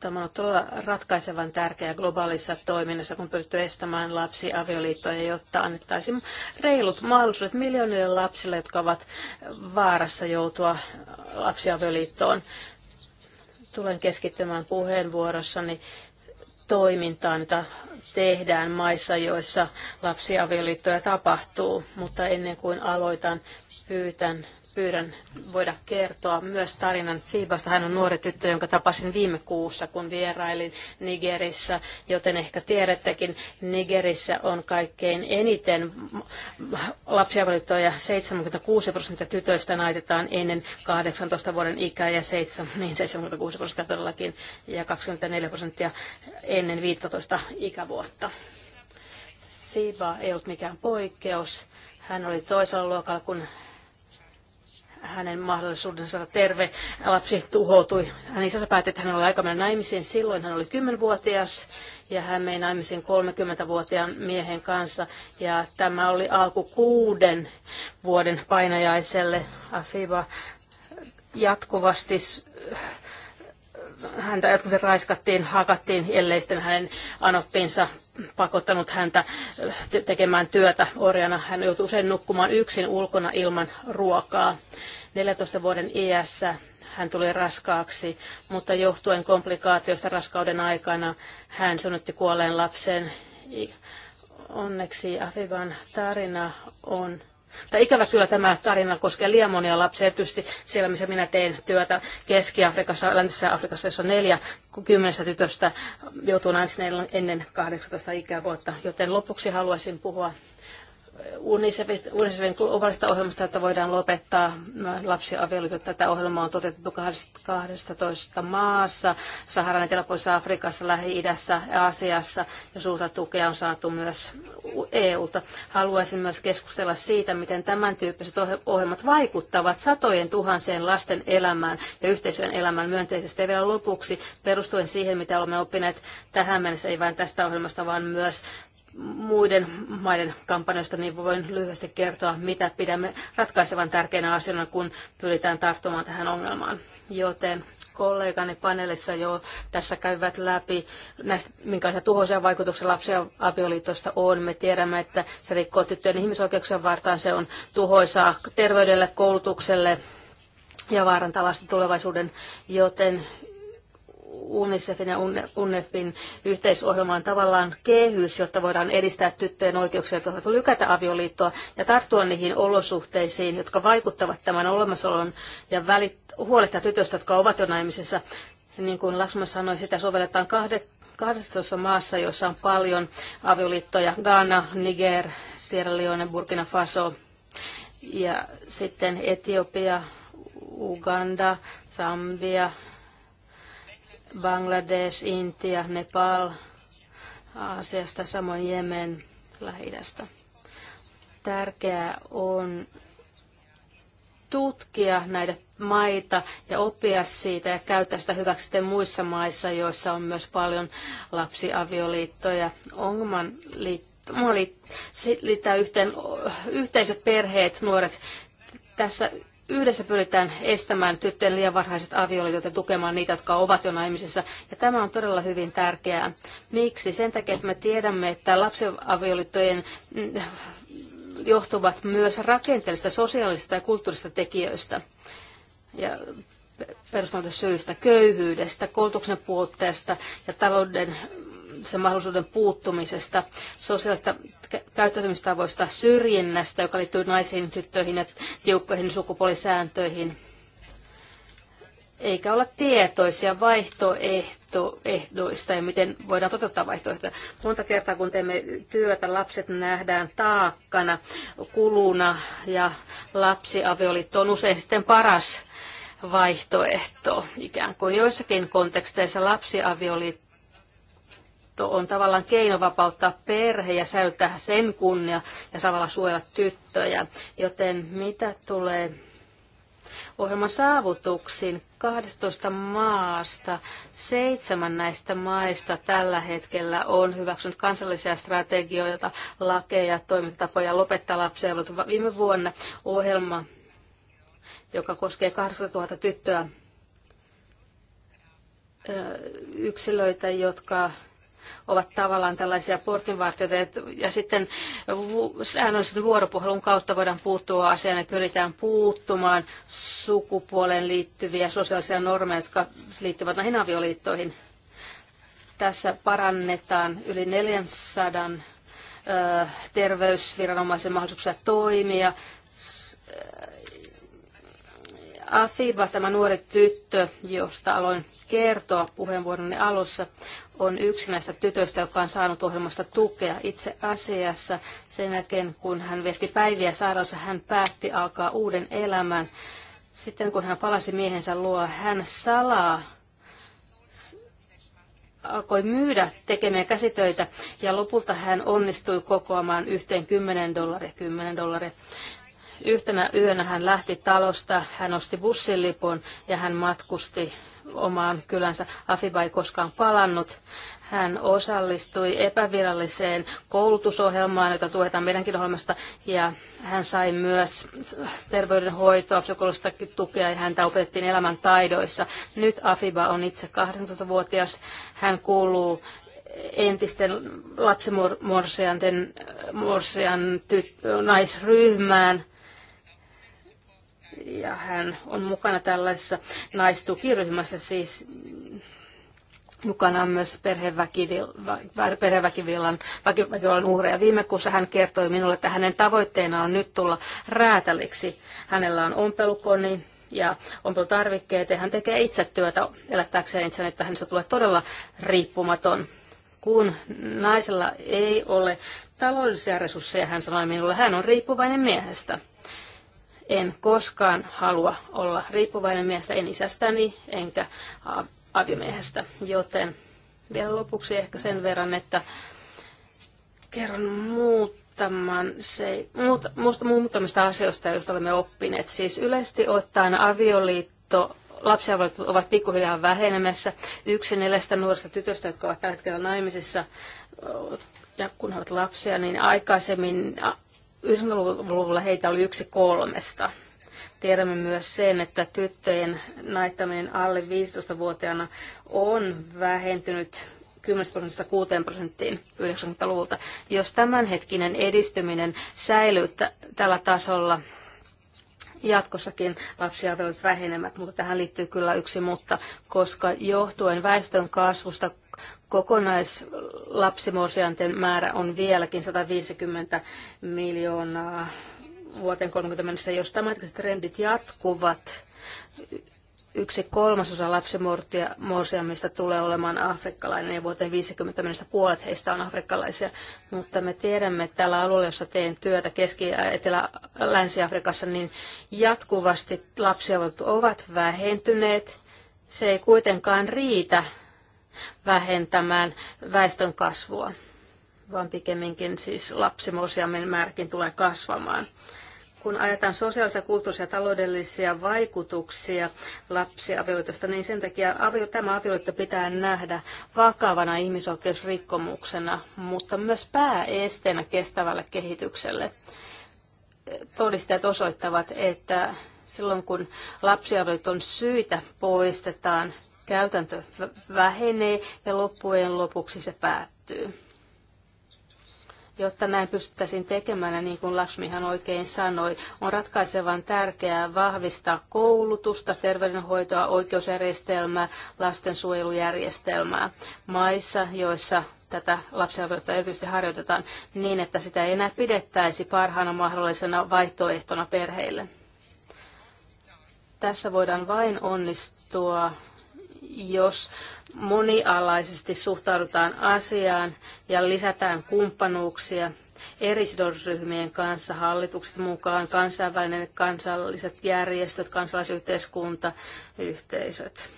Tämä on todella ratkaisevan tärkeää globaalissa toiminnassa, kun pyritty estämään lapsiavioliittoja, jotta annettaisiin reilut mahdollisuudet miljoonille lapsille, jotka ovat vaarassa joutua lapsiavioliittoon. Tulen keskittymään puheenvuorossani toimintaan, jota tehdään maissa, joissa lapsiavioliittoja tapahtuu. Mutta ennen kuin aloitan, pyytän pyydän voida kertoa myös tarinan Fibasta. Hän on nuori tyttö, jonka tapasin viime kuussa, kun vierailin Nigerissä, joten ehkä tiedättekin, Nigerissä on kaikkein eniten ja 76 prosenttia tytöistä naitetaan ennen 18 vuoden ikää ja 7, [LAUGHS] niin 76 prosenttia todellakin ja 24 prosenttia ennen 15 ikävuotta. Fiba ei ollut mikään poikkeus. Hän oli toisella luokalla, kun hänen mahdollisuutensa saada terve lapsi tuhoutui. Hän isänsä päätti, että hän oli aika mennä naimisiin. Silloin hän oli 10-vuotias ja hän meni naimisiin 30-vuotiaan miehen kanssa. Ja tämä oli alku kuuden vuoden painajaiselle. Afiba jatkuvasti häntä jotkut raiskattiin, hakattiin, ellei sitten hänen anoppinsa pakottanut häntä eh, tekemään työtä orjana. Hän joutui usein nukkumaan yksin ulkona ilman ruokaa. 14 vuoden iässä hän tuli raskaaksi, mutta johtuen komplikaatioista raskauden aikana hän sunnutti kuolleen lapsen. Onneksi Afivan tarina on tai ikävä kyllä tämä tarina koskee liian monia lapsia, erityisesti siellä, missä minä teen työtä Keski-Afrikassa, Läntisessä Afrikassa, jossa neljä kymmenestä tytöstä joutuu ennen 18 ikävuotta. Joten lopuksi haluaisin puhua UNICEFin, UNICEFin globaalista ohjelmasta, että voidaan lopettaa lapsiavioliitot. Tätä ohjelmaa on toteutettu 12 maassa, Saharan eteläpuolisessa Afrikassa, Lähi-idässä ja Aasiassa, ja suurta tukea on saatu myös EUlta. Haluaisin myös keskustella siitä, miten tämän tyyppiset ohjelmat vaikuttavat satojen tuhansien lasten elämään ja yhteisöjen elämään myönteisesti. Ja vielä lopuksi, perustuen siihen, mitä olemme oppineet tähän mennessä, ei vain tästä ohjelmasta, vaan myös muiden maiden kampanjoista, niin voin lyhyesti kertoa, mitä pidämme ratkaisevan tärkeänä asiana, kun pyritään tarttumaan tähän ongelmaan. Joten kollegani paneelissa jo tässä käyvät läpi näistä, minkälaisia tuhoisia vaikutuksia lapsia avioliitosta on. Me tiedämme, että se rikkoo tyttöjen ihmisoikeuksia vartaan, se on tuhoisaa terveydelle, koulutukselle, ja vaarantaa lasten tulevaisuuden, joten UNICEFin ja UNEFin yhteisohjelmaan tavallaan kehys, jotta voidaan edistää tyttöjen oikeuksia, jotka voivat lykätä avioliittoa ja tarttua niihin olosuhteisiin, jotka vaikuttavat tämän olemassaolon ja välit, huolehtia tytöstä, jotka ovat jo naimisissa. Niin kuin Laksman sanoi, sitä sovelletaan kahdet 12 maassa, jossa on paljon avioliittoja. Ghana, Niger, Sierra Leone, Burkina Faso ja sitten Etiopia, Uganda, Zambia. Bangladesh, Intia, Nepal, Aasiasta, samoin Jemen, lähi -idästä. Tärkeää on tutkia näitä maita ja oppia siitä ja käyttää sitä hyväksi sitten muissa maissa, joissa on myös paljon lapsiavioliittoja. Ongman liittyy liittää yhteen yhteiset perheet, nuoret. Tässä Yhdessä pyritään estämään tyttöjen liian varhaiset avioliitot ja tukemaan niitä, jotka ovat jo naimisissa. Ja tämä on todella hyvin tärkeää. Miksi? Sen takia, että me tiedämme, että lapsiavioliittojen mm, johtuvat myös rakenteellisista, sosiaalisista ja kulttuurista tekijöistä. Ja perusteltuista syistä, köyhyydestä, koulutuksen puutteesta ja talouden sen mahdollisuuden puuttumisesta, sosiaalista käyttäytymistavoista, syrjinnästä, joka liittyy naisiin, tyttöihin ja tiukkoihin sukupuolisääntöihin, eikä olla tietoisia vaihtoehdoista ja miten voidaan toteuttaa vaihtoehtoja. Monta kertaa kun teemme työtä, lapset nähdään taakkana, kuluna ja lapsiavioliitto on usein sitten paras vaihtoehto. Ikään kuin joissakin konteksteissa lapsiavioliitto avioliitto on tavallaan keino vapauttaa perhe ja säilyttää sen kunnia ja samalla suojella tyttöjä. Joten mitä tulee ohjelman saavutuksiin 12 maasta. Seitsemän näistä maista tällä hetkellä on hyväksynyt kansallisia strategioita, lakeja, toimintatapoja lopettaa lapsia. Viime vuonna ohjelma, joka koskee 8000 tyttöä, yksilöitä, jotka ovat tavallaan tällaisia portinvartijoita. Ja sitten säännöllisen vuoropuhelun kautta voidaan puuttua asiaan ja pyritään puuttumaan sukupuoleen liittyviä sosiaalisia normeja, jotka liittyvät näihin avioliittoihin. Tässä parannetaan yli 400 terveysviranomaisen mahdollisuuksia toimia. Afiba, tämä nuori tyttö, josta aloin kertoa puheenvuoroni alussa, on yksi näistä tytöistä, joka on saanut ohjelmasta tukea. Itse asiassa sen jälkeen, kun hän vietti päiviä sairaalassa, hän päätti alkaa uuden elämän. Sitten kun hän palasi miehensä luo, hän salaa alkoi myydä tekemään käsitöitä ja lopulta hän onnistui kokoamaan yhteen 10 dollaria, 10 dollaria. Yhtenä yönä hän lähti talosta, hän osti bussilipun ja hän matkusti omaan kylänsä. Afiba ei koskaan palannut. Hän osallistui epäviralliseen koulutusohjelmaan, jota tuetaan meidänkin ohjelmasta, ja hän sai myös terveydenhoitoa, psykologista tukea, ja häntä opetettiin elämän taidoissa. Nyt Afiba on itse 18-vuotias. Hän kuuluu entisten lapsimorsianten morsian tyt, naisryhmään ja hän on mukana tällaisessa naistukiryhmässä siis mukana on myös perheväkivallan väkivallan uhreja. Viime kuussa hän kertoi minulle, että hänen tavoitteena on nyt tulla räätäliksi. Hänellä on ompelukoni ja ompelutarvikkeet ja hän tekee itse työtä elättääkseen itse, niin, että hänestä tulee todella riippumaton. Kun naisella ei ole taloudellisia resursseja, hän sanoi minulle, hän on riippuvainen miehestä. En koskaan halua olla riippuvainen miestä, en isästäni enkä aviomiehestä, joten vielä lopuksi ehkä sen verran, että kerron muutaman se, muut, muista, asioista, joista olemme oppineet. Siis yleisesti ottaen avioliitto lapsiavioliitot ovat pikkuhiljaa vähenemässä. Yksi neljästä nuorista tytöstä, jotka ovat tällä hetkellä naimisissa, ja kun he ovat lapsia, niin aikaisemmin 90-luvulla heitä oli yksi kolmesta. Tiedämme myös sen, että tyttöjen naittaminen alle 15-vuotiaana on vähentynyt 10 prosentista 6 prosenttiin 90-luvulta. Jos tämänhetkinen edistyminen säilyy tällä tasolla, jatkossakin lapsiavioliitot vähenemät, mutta tähän liittyy kyllä yksi mutta, koska johtuen väestön kasvusta Kokonaislapsimorsianten määrä on vieläkin 150 miljoonaa vuoteen 30 mennessä. Jos tämänhetkiset trendit jatkuvat, yksi kolmasosa lapsimorsiamista tulee olemaan afrikkalainen ja vuoteen 50 mennessä puolet heistä on afrikkalaisia. Mutta me tiedämme, että tällä alueella, jossa teen työtä Keski- ja Etelä-Länsi-Afrikassa, niin jatkuvasti lapsiavut ovat vähentyneet. Se ei kuitenkaan riitä vähentämään väestön kasvua, vaan pikemminkin siis lapsimorsiamen määräkin tulee kasvamaan. Kun ajetaan sosiaalisia, kulttuurisia ja taloudellisia vaikutuksia lapsiavioitosta, niin sen takia avio, tämä avioliitto pitää nähdä vakavana ihmisoikeusrikkomuksena, mutta myös pääesteenä kestävälle kehitykselle. Todistajat osoittavat, että silloin kun lapsiavioliiton syitä poistetaan, käytäntö vähenee ja loppujen lopuksi se päättyy. Jotta näin pystyttäisiin tekemään, ja niin kuin Lashmihan oikein sanoi, on ratkaisevan tärkeää vahvistaa koulutusta, terveydenhoitoa, oikeusjärjestelmää, lastensuojelujärjestelmää maissa, joissa tätä lapsiavioliittoa erityisesti harjoitetaan niin, että sitä ei enää pidettäisi parhaana mahdollisena vaihtoehtona perheille. Tässä voidaan vain onnistua, jos monialaisesti suhtaudutaan asiaan ja lisätään kumppanuuksia eri sidosryhmien kanssa, hallitukset mukaan, kansainvälinen, kansalliset järjestöt, kansalaisyhteiskunta, yhteisöt.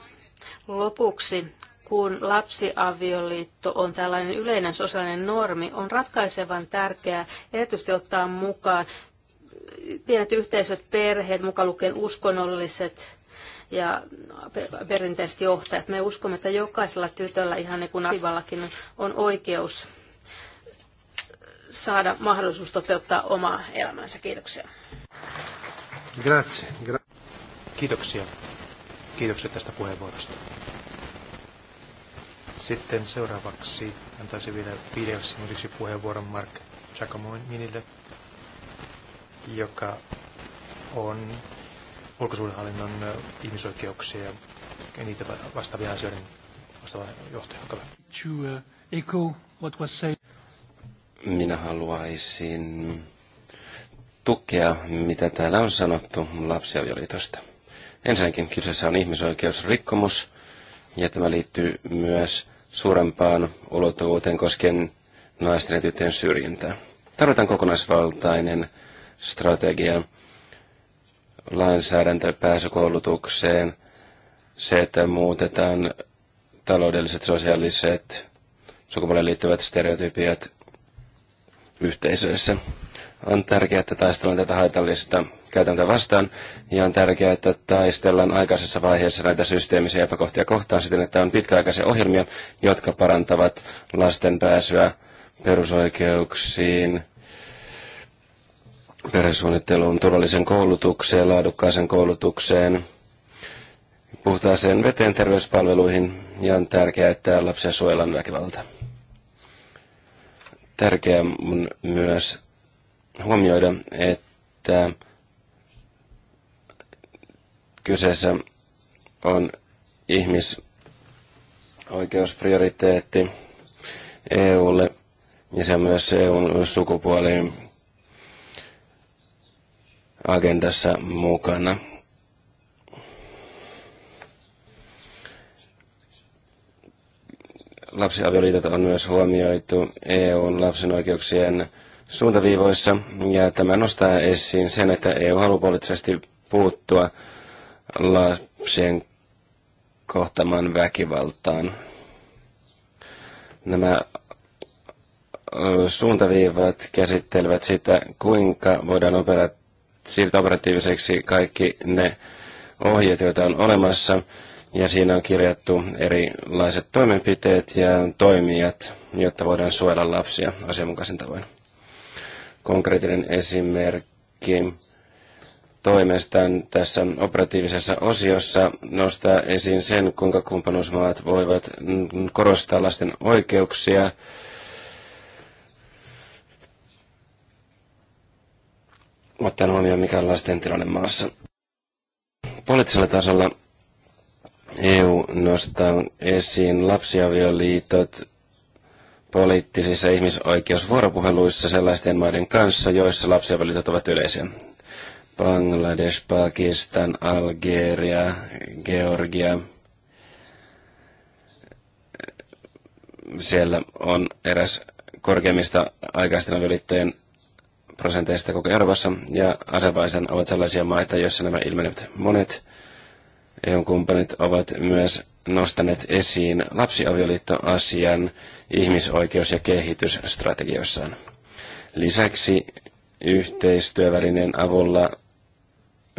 Lopuksi kun lapsiavioliitto on tällainen yleinen sosiaalinen normi, on ratkaisevan tärkeää erityisesti ottaa mukaan pienet yhteisöt, perheet, mukaan lukien uskonnolliset ja perinteiset johtajat. Me uskomme, että jokaisella tytöllä, ihan niin kuin Akivallakin, on oikeus saada mahdollisuus toteuttaa omaa elämänsä. Kiitoksia. Grazie. Gra- Kiitoksia. Kiitoksia tästä puheenvuorosta. Sitten seuraavaksi antaisi vielä yksi puheenvuoron Mark Giacominille, joka on ulkosuudenhallinnon ihmisoikeuksia ja niitä vastaavia asioiden vastaava johtaja. Uh, echo, Minä haluaisin tukea, mitä täällä on sanottu lapsiavioliitosta. Ensinnäkin kyseessä on ihmisoikeusrikkomus, ja tämä liittyy myös suurempaan ulottuvuuteen koskien naisten ja tyttöjen syrjintää. Tarvitaan kokonaisvaltainen strategia lainsäädäntö pääsykoulutukseen, se, että muutetaan taloudelliset, sosiaaliset, sukupuoleen liittyvät stereotypiat yhteisöissä. On tärkeää, että taistellaan tätä haitallista käytäntöä vastaan, ja on tärkeää, että taistellaan aikaisessa vaiheessa näitä systeemisiä epäkohtia kohtaan siten, että on pitkäaikaisia ohjelmia, jotka parantavat lasten pääsyä perusoikeuksiin, perhesuunnitteluun, turvallisen koulutukseen, laadukkaaseen koulutukseen, puhtaaseen veteen terveyspalveluihin ja on tärkeää, että lapsia suojellaan väkivalta. Tärkeää on myös huomioida, että kyseessä on ihmisoikeusprioriteetti EUlle ja se on myös EUn sukupuoliin agendassa mukana. Lapsiavioliitot on myös huomioitu EUn lapsen oikeuksien suuntaviivoissa, ja tämä nostaa esiin sen, että EU haluaa poliittisesti puuttua lapsien kohtamaan väkivaltaan. Nämä suuntaviivat käsittelevät sitä, kuinka voidaan opera- siirtää operatiiviseksi kaikki ne ohjeet, joita on olemassa, ja siinä on kirjattu erilaiset toimenpiteet ja toimijat, jotta voidaan suojella lapsia asianmukaisen tavoin. Konkreettinen esimerkki toimestaan tässä operatiivisessa osiossa nostaa esiin sen, kuinka kumppanuusmaat voivat korostaa lasten oikeuksia, ottaen huomioon, mikä on lasten tilanne maassa. Poliittisella tasolla EU nostaa esiin lapsiavioliitot poliittisissa ihmisoikeusvuoropuheluissa sellaisten maiden kanssa, joissa lapsiavioliitot ovat yleisiä. Bangladesh, Pakistan, Algeria, Georgia. Siellä on eräs korkeimmista aikaisten avioliittojen prosenteista koko Euroopassa, ja Azerbaijan ovat sellaisia maita, joissa nämä ilmenevät monet. EU-kumppanit ovat myös nostaneet esiin lapsiavioliittoasian ihmisoikeus- ja kehitysstrategioissaan. Lisäksi yhteistyövälineen avulla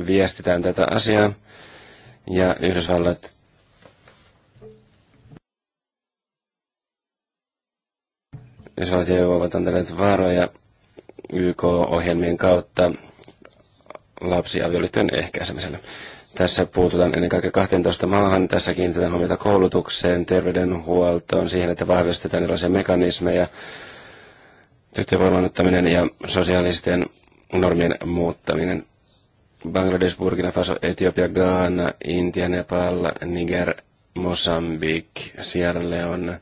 viestitään tätä asiaa ja Yhdysvallat Yhdysvallat ja EU ovat antaneet varoja YK-ohjelmien kautta lapsiavioliittojen ehkäisemiselle. Tässä puututaan ennen kaikkea 12 maahan. Tässä kiinnitetään huomiota koulutukseen, terveydenhuoltoon, siihen, että vahvistetaan erilaisia mekanismeja, tyttövoimannuttaminen ja sosiaalisten normien muuttaminen. Bangladesh, Burkina Faso, Etiopia, Ghana, Intia, Nepal, Niger, Mosambik, Sierra Leone,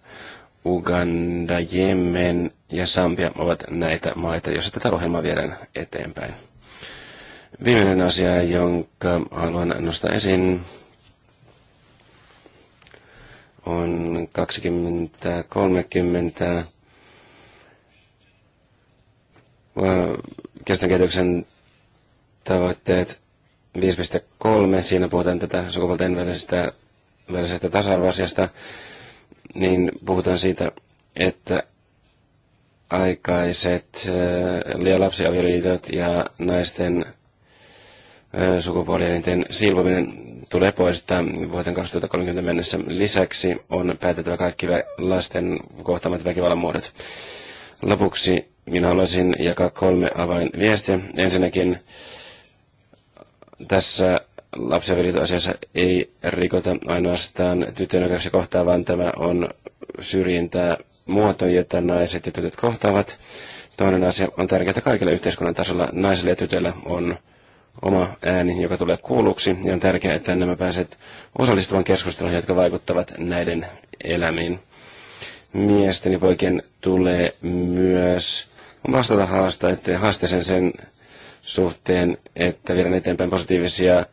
Uganda, Jemen ja Sambia ovat näitä maita, joissa tätä ohjelmaa viedään eteenpäin. Viimeinen asia, jonka haluan nostaa esiin, on 2030 kestävän kehityksen tavoitteet 5.3. Siinä puhutaan tätä sukupuolten välisestä, välisestä tasa-arvoasiasta niin puhutaan siitä, että aikaiset äh, liian lapsiavioliitot ja naisten äh, sukupuolielinten silpominen tulee poistaa vuoteen 2030 mennessä. Lisäksi on päätettävä kaikki lasten kohtaamat väkivallan muodot. Lopuksi minä haluaisin jakaa kolme avainviestiä. Ensinnäkin tässä lapsiavioliittoasiassa ei rikota ainoastaan tytön oikeuksia kohtaan, vaan tämä on syrjintää muoto, jota naiset ja tytöt kohtaavat. Toinen asia on tärkeää kaikille yhteiskunnan tasolla. Naisille ja tytöillä on oma ääni, joka tulee kuulluksi, ja on tärkeää, että nämä pääset osallistuvan keskusteluun, jotka vaikuttavat näiden elämiin. Miesten ja poikien tulee myös vastata haasteeseen sen suhteen, että viedään eteenpäin positiivisia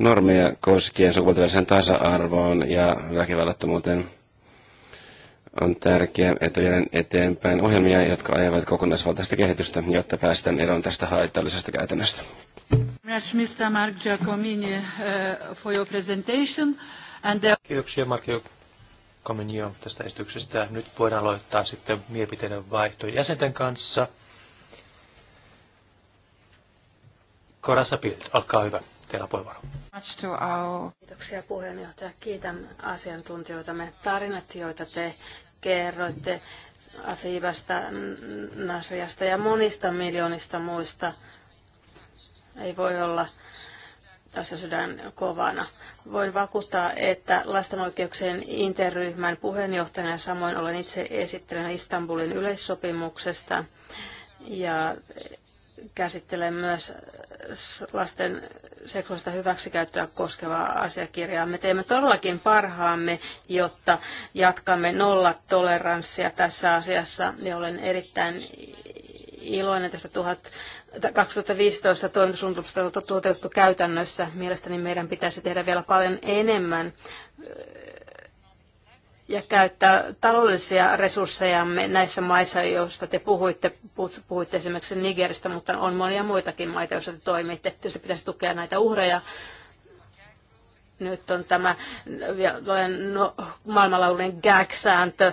normeja koskien sukupuolten tasa-arvoon ja väkivallattomuuteen. On tärkeää, että viedään eteenpäin ohjelmia, jotka ajavat kokonaisvaltaista kehitystä, jotta päästään eroon tästä haitallisesta käytännöstä. Eh, Kiitoksia Mark Communio tästä esityksestä. Nyt voidaan aloittaa sitten mielipiteiden vaihto jäsenten kanssa. Korassa Pilt, olkaa hyvä teillä on puheenvuoro. Kiitoksia puheenjohtaja. Kiitän asiantuntijoitamme. Tarinat, joita te kerroitte Afibasta, Nasriasta ja monista miljoonista muista, ei voi olla tässä sydän kovana. Voin vakuuttaa, että lasten oikeuksien interryhmän puheenjohtajana samoin olen itse esittelen Istanbulin yleissopimuksesta ja käsittelee myös lasten seksuaalista hyväksikäyttöä koskevaa asiakirjaa. Me teemme todellakin parhaamme, jotta jatkamme nollatoleranssia tässä asiassa, ja olen erittäin iloinen tästä 2015 toimintasuunnitelmasta on toteutettu käytännössä. Mielestäni meidän pitäisi tehdä vielä paljon enemmän ja käyttää taloudellisia resurssejamme näissä maissa, joista te puhuitte, puhuitte esimerkiksi Nigeristä, mutta on monia muitakin maita, joissa te toimitte. se pitäisi tukea näitä uhreja. Nyt on tämä no, maailmanlaajuinen gag-sääntö,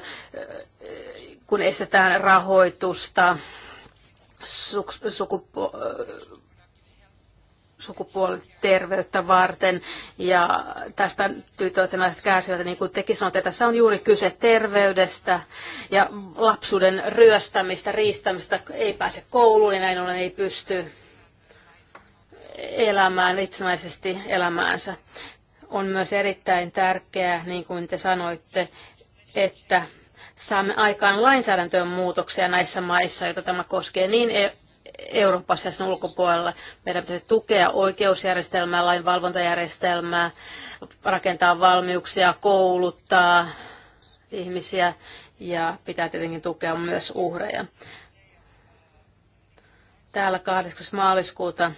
kun estetään rahoitusta sukupuolta sukupuoliterveyttä varten ja tästä tytöt ja naiset kärsivät. Niin kuin tekin sanoitte, tässä on juuri kyse terveydestä ja lapsuuden ryöstämistä, riistämistä. Ei pääse kouluun ja näin ollen ei pysty elämään itsenäisesti elämäänsä. On myös erittäin tärkeää, niin kuin te sanoitte, että saamme aikaan lainsäädäntöön muutoksia näissä maissa, joita tämä koskee niin Euroopassa ja sen ulkopuolella. Meidän pitäisi tukea oikeusjärjestelmää, lainvalvontajärjestelmää, rakentaa valmiuksia, kouluttaa ihmisiä ja pitää tietenkin tukea myös uhreja. Täällä 8. maaliskuuta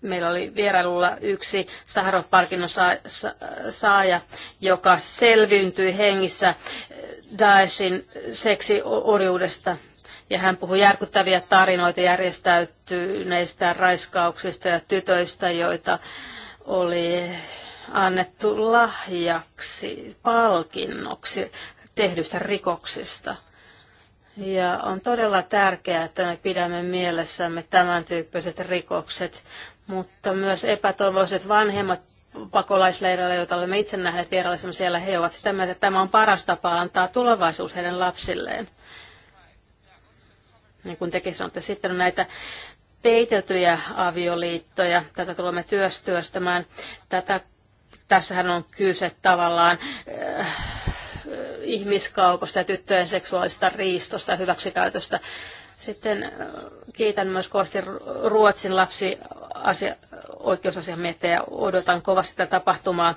meillä oli vierailulla yksi Saharov-palkinnon saaja, joka selviytyi hengissä Daeshin seksiorjuudesta. Ja hän puhui järkyttäviä tarinoita järjestäytyneistä raiskauksista ja tytöistä, joita oli annettu lahjaksi, palkinnoksi tehdyistä rikoksista. Ja on todella tärkeää, että me pidämme mielessämme tämän tyyppiset rikokset, mutta myös epätoivoiset vanhemmat pakolaisleireillä, joita olemme itse nähneet vierailemassa siellä, he ovat sitä mieltä, että tämä on paras tapa antaa tulevaisuus heidän lapsilleen niin kuin tekin sanotte, sitten on näitä peiteltyjä avioliittoja. Tätä tulemme työstyöstämään. Tätä, tässähän on kyse tavallaan äh, ihmiskaupasta ja tyttöjen seksuaalista riistosta ja hyväksikäytöstä. Sitten äh, kiitän myös kovasti Ruotsin lapsi asia, oikeusasiamiestä ja odotan kovasti tätä tapahtumaa,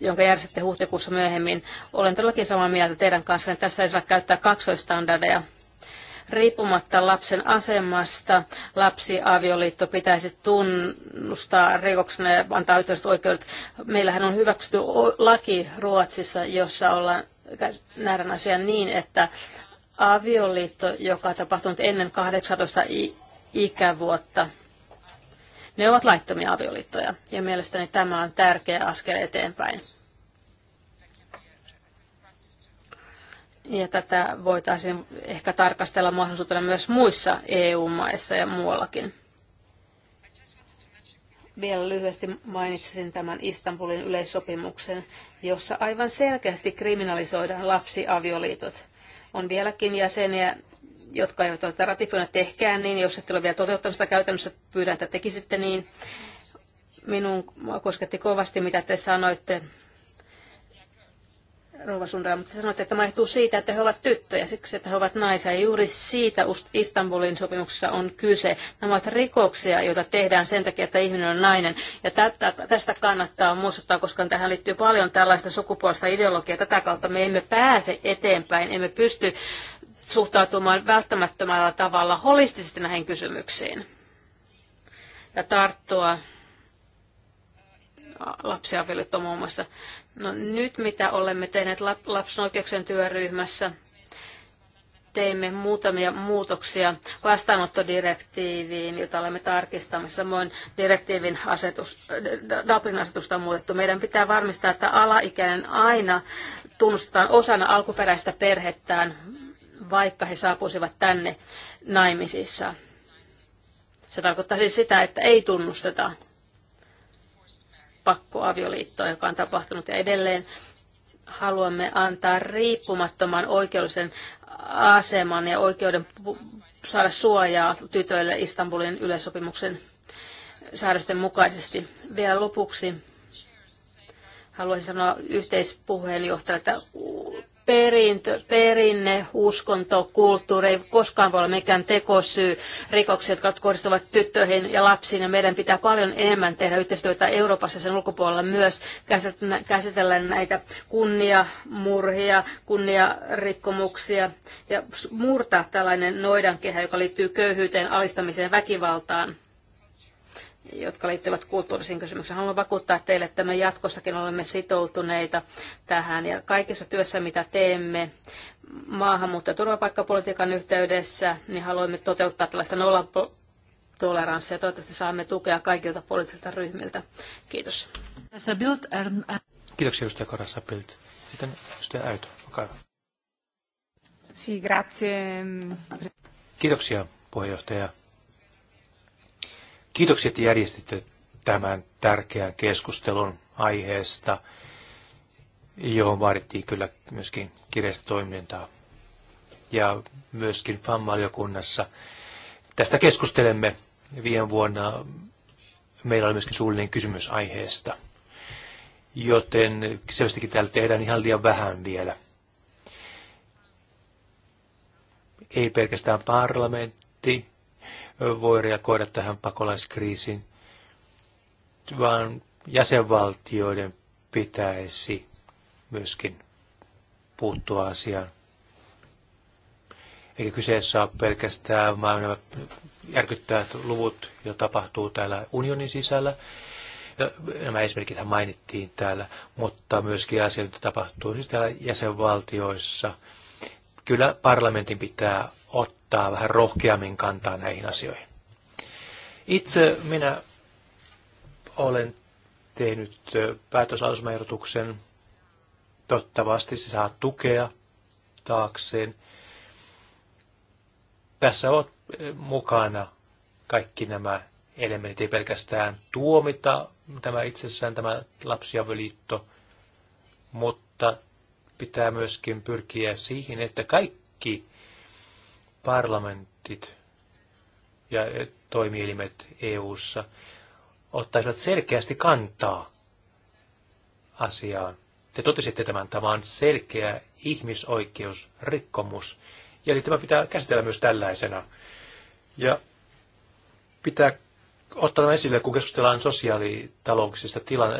jonka järjestätte huhtikuussa myöhemmin. Olen todellakin samaa mieltä teidän kanssanne. Tässä ei saa käyttää kaksoistandardeja. Riippumatta lapsen asemasta lapsiavioliitto pitäisi tunnustaa rikoksena ja antaa yhteiset oikeudet. Meillähän on hyväksytty laki Ruotsissa, jossa ollaan nähdään asia niin, että avioliitto, joka on tapahtunut ennen 18 ikävuotta, ne ovat laittomia avioliittoja ja mielestäni tämä on tärkeä askel eteenpäin. Ja tätä voitaisiin ehkä tarkastella mahdollisuutena myös muissa EU-maissa ja muuallakin. Vielä lyhyesti mainitsisin tämän Istanbulin yleissopimuksen, jossa aivan selkeästi kriminalisoidaan lapsiavioliitot. On vieläkin jäseniä, jotka eivät ole ratifioineet, tehkää niin. Jos ette ole vielä toteuttamista käytännössä, pyydän, että tekisitte niin. Minun kosketti kovasti, mitä te sanoitte Rouva Sundra, mutta sanoitte, että johtuu siitä, että he ovat tyttöjä, siksi että he ovat naisia. Ja juuri siitä Istanbulin sopimuksessa on kyse. Nämä ovat rikoksia, joita tehdään sen takia, että ihminen on nainen. Ja tätä, tästä kannattaa muistuttaa, koska tähän liittyy paljon tällaista sukupuolista ideologiaa. Tätä kautta me emme pääse eteenpäin, emme pysty suhtautumaan välttämättömällä tavalla holistisesti näihin kysymyksiin ja tarttua lapsiavioliitto muun muassa. No nyt mitä olemme tehneet lapsen oikeuksien työryhmässä, teimme muutamia muutoksia vastaanottodirektiiviin, jota olemme tarkistamassa. Samoin direktiivin asetus, Dublin asetusta on muutettu. Meidän pitää varmistaa, että alaikäinen aina tunnustetaan osana alkuperäistä perhettään, vaikka he saapuisivat tänne naimisissa. Se tarkoittaa siis sitä, että ei tunnusteta pakkoavioliittoa, joka on tapahtunut ja edelleen haluamme antaa riippumattoman oikeudellisen aseman ja oikeuden saada suojaa tytöille Istanbulin yleissopimuksen säädösten mukaisesti. Vielä lopuksi haluaisin sanoa yhteispuheenjohtajalle, että perintö, perinne, uskonto, kulttuuri ei koskaan voi olla mikään tekosyy rikoksia, jotka kohdistuvat tyttöihin ja lapsiin. Ja meidän pitää paljon enemmän tehdä yhteistyötä Euroopassa sen ulkopuolella myös käsitellä näitä kunniamurhia, kunniarikkomuksia ja murtaa tällainen noidankehä, joka liittyy köyhyyteen, alistamiseen, väkivaltaan jotka liittyvät kulttuurisiin kysymyksiin. Haluan vakuuttaa teille, että me jatkossakin olemme sitoutuneita tähän ja kaikessa työssä, mitä teemme maahanmuutto- ja turvapaikkapolitiikan yhteydessä, niin haluamme toteuttaa tällaista nollatoleranssia. Toivottavasti saamme tukea kaikilta poliittisilta ryhmiltä. Kiitos. Kiitoksia, edustaja Karassa Pilt. Sitten edustaja Aito, olkaa hyvä. Kiitoksia, puheenjohtaja. Kiitoksia, että järjestitte tämän tärkeän keskustelun aiheesta, johon vaadittiin kyllä myöskin kirjastotoimintaa toimintaa. Ja myöskin FAM-valiokunnassa tästä keskustelemme viime vuonna. Meillä oli myöskin suullinen kysymys aiheesta, joten selvästikin täällä tehdään ihan liian vähän vielä. Ei pelkästään parlamentti, voi reagoida tähän pakolaiskriisiin, vaan jäsenvaltioiden pitäisi myöskin puuttua asiaan. Eikä kyseessä ole pelkästään vaan nämä järkyttävät luvut, joita tapahtuu täällä unionin sisällä. Ja nämä esimerkit mainittiin täällä, mutta myöskin asioita tapahtuu siis täällä jäsenvaltioissa. Kyllä parlamentin pitää ottaa vähän rohkeammin kantaa näihin asioihin. Itse minä olen tehnyt päätöslausumaehdotuksen. Tottavasti se saa tukea taakseen. Tässä ovat mukana kaikki nämä elementit, ei pelkästään tuomita tämä itsessään tämä lapsiavioliitto, mutta pitää myöskin pyrkiä siihen, että kaikki parlamentit ja toimielimet EU:ssa ottaisivat selkeästi kantaa asiaan. Te totesitte tämän, tämä on selkeä ihmisoikeusrikkomus. Ja eli tämä pitää käsitellä myös tällaisena. Ja pitää ottaa tämä esille, kun keskustellaan sosiaalitalouksista tilan,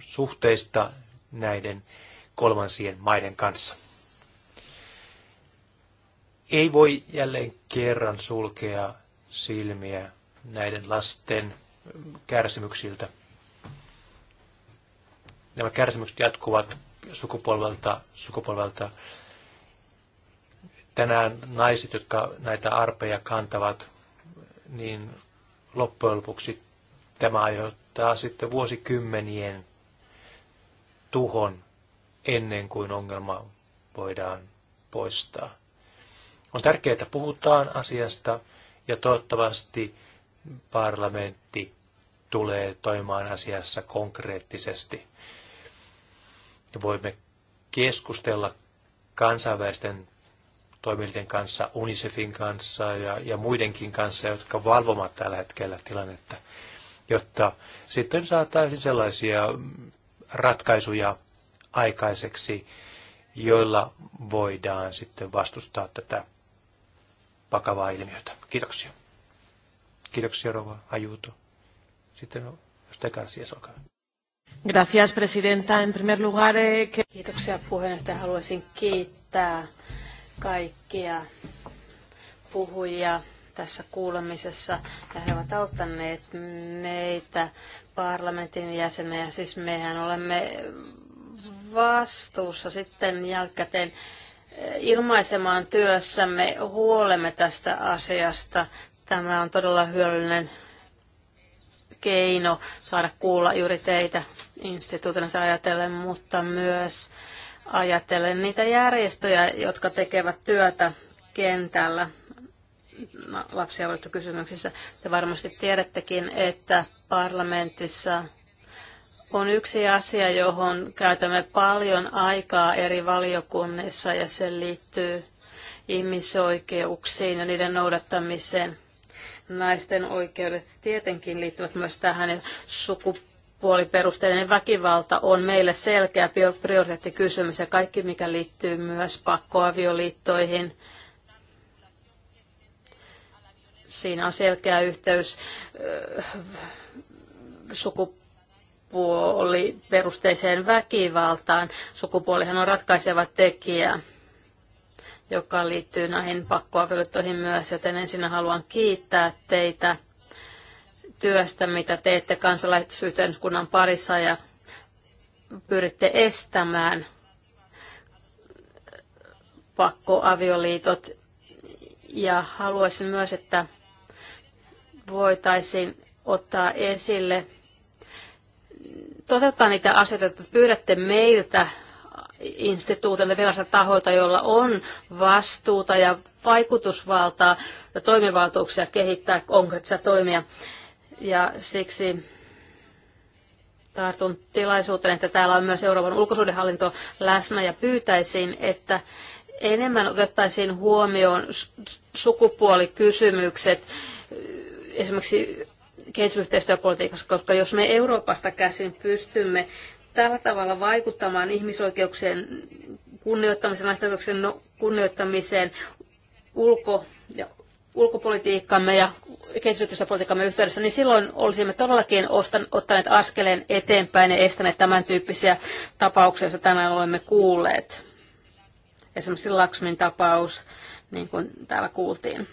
suhteista näiden kolmansien maiden kanssa ei voi jälleen kerran sulkea silmiä näiden lasten kärsimyksiltä. Nämä kärsimykset jatkuvat sukupolvelta sukupolvelta. Tänään naiset, jotka näitä arpeja kantavat, niin loppujen lopuksi tämä aiheuttaa sitten vuosikymmenien tuhon ennen kuin ongelma voidaan poistaa. On tärkeää, että puhutaan asiasta ja toivottavasti parlamentti tulee toimimaan asiassa konkreettisesti. Voimme keskustella kansainvälisten toimijoiden kanssa, UNICEFin kanssa ja, ja muidenkin kanssa, jotka valvomat tällä hetkellä tilannetta, jotta sitten saataisiin sellaisia ratkaisuja aikaiseksi, joilla voidaan sitten vastustaa tätä vakavaa ilmiötä. Kiitoksia. Kiitoksia Rova Ajuto. Sitten jos te kanssa olkaa. Gracias, presidenta. En primer lugar, eh, que... Kiitoksia puheenjohtaja. Haluaisin kiittää kaikkia puhujia tässä kuulemisessa ja he ovat auttaneet meitä parlamentin jäseniä. Siis mehän olemme vastuussa sitten jälkikäteen ilmaisemaan työssämme huolemme tästä asiasta. Tämä on todella hyödyllinen keino saada kuulla juuri teitä instituutina ajatellen, mutta myös ajatellen niitä järjestöjä, jotka tekevät työtä kentällä lapsiavioliittokysymyksissä. Te varmasti tiedättekin, että parlamentissa on yksi asia, johon käytämme paljon aikaa eri valiokunnissa ja se liittyy ihmisoikeuksiin ja niiden noudattamiseen. Naisten oikeudet tietenkin liittyvät myös tähän ja sukupuoliperusteinen väkivalta on meille selkeä prioriteettikysymys ja kaikki, mikä liittyy myös pakkoavioliittoihin, siinä on selkeä yhteys sukupuoliperusteinen sukupuoliperusteiseen väkivaltaan. Sukupuolihan on ratkaiseva tekijä, joka liittyy näihin pakkoavioliittoihin myös, joten ensin haluan kiittää teitä työstä, mitä teette kansalaisyhteiskunnan parissa ja pyritte estämään pakkoavioliitot. Ja haluaisin myös, että voitaisiin ottaa esille toteuttaa niitä asioita, että pyydätte meiltä instituutille virallista tahoita, joilla on vastuuta ja vaikutusvaltaa ja toimivaltuuksia kehittää konkreettisia toimia. Ja siksi tartun tilaisuuteen, että täällä on myös Euroopan ulkosuudenhallinto läsnä ja pyytäisin, että enemmän otettaisiin huomioon sukupuolikysymykset esimerkiksi kehitysyhteistyöpolitiikassa, koska jos me Euroopasta käsin pystymme tällä tavalla vaikuttamaan ihmisoikeuksien kunnioittamiseen, naisten oikeuksien no- kunnioittamiseen, ulko- ja ulkopolitiikkamme ja kehitysyhteistyöpolitiikkamme yhteydessä, niin silloin olisimme todellakin ottaneet askeleen eteenpäin ja estäneet tämän tyyppisiä tapauksia, joita tänään olemme kuulleet. Esimerkiksi Laksmin tapaus, niin kuin täällä kuultiin.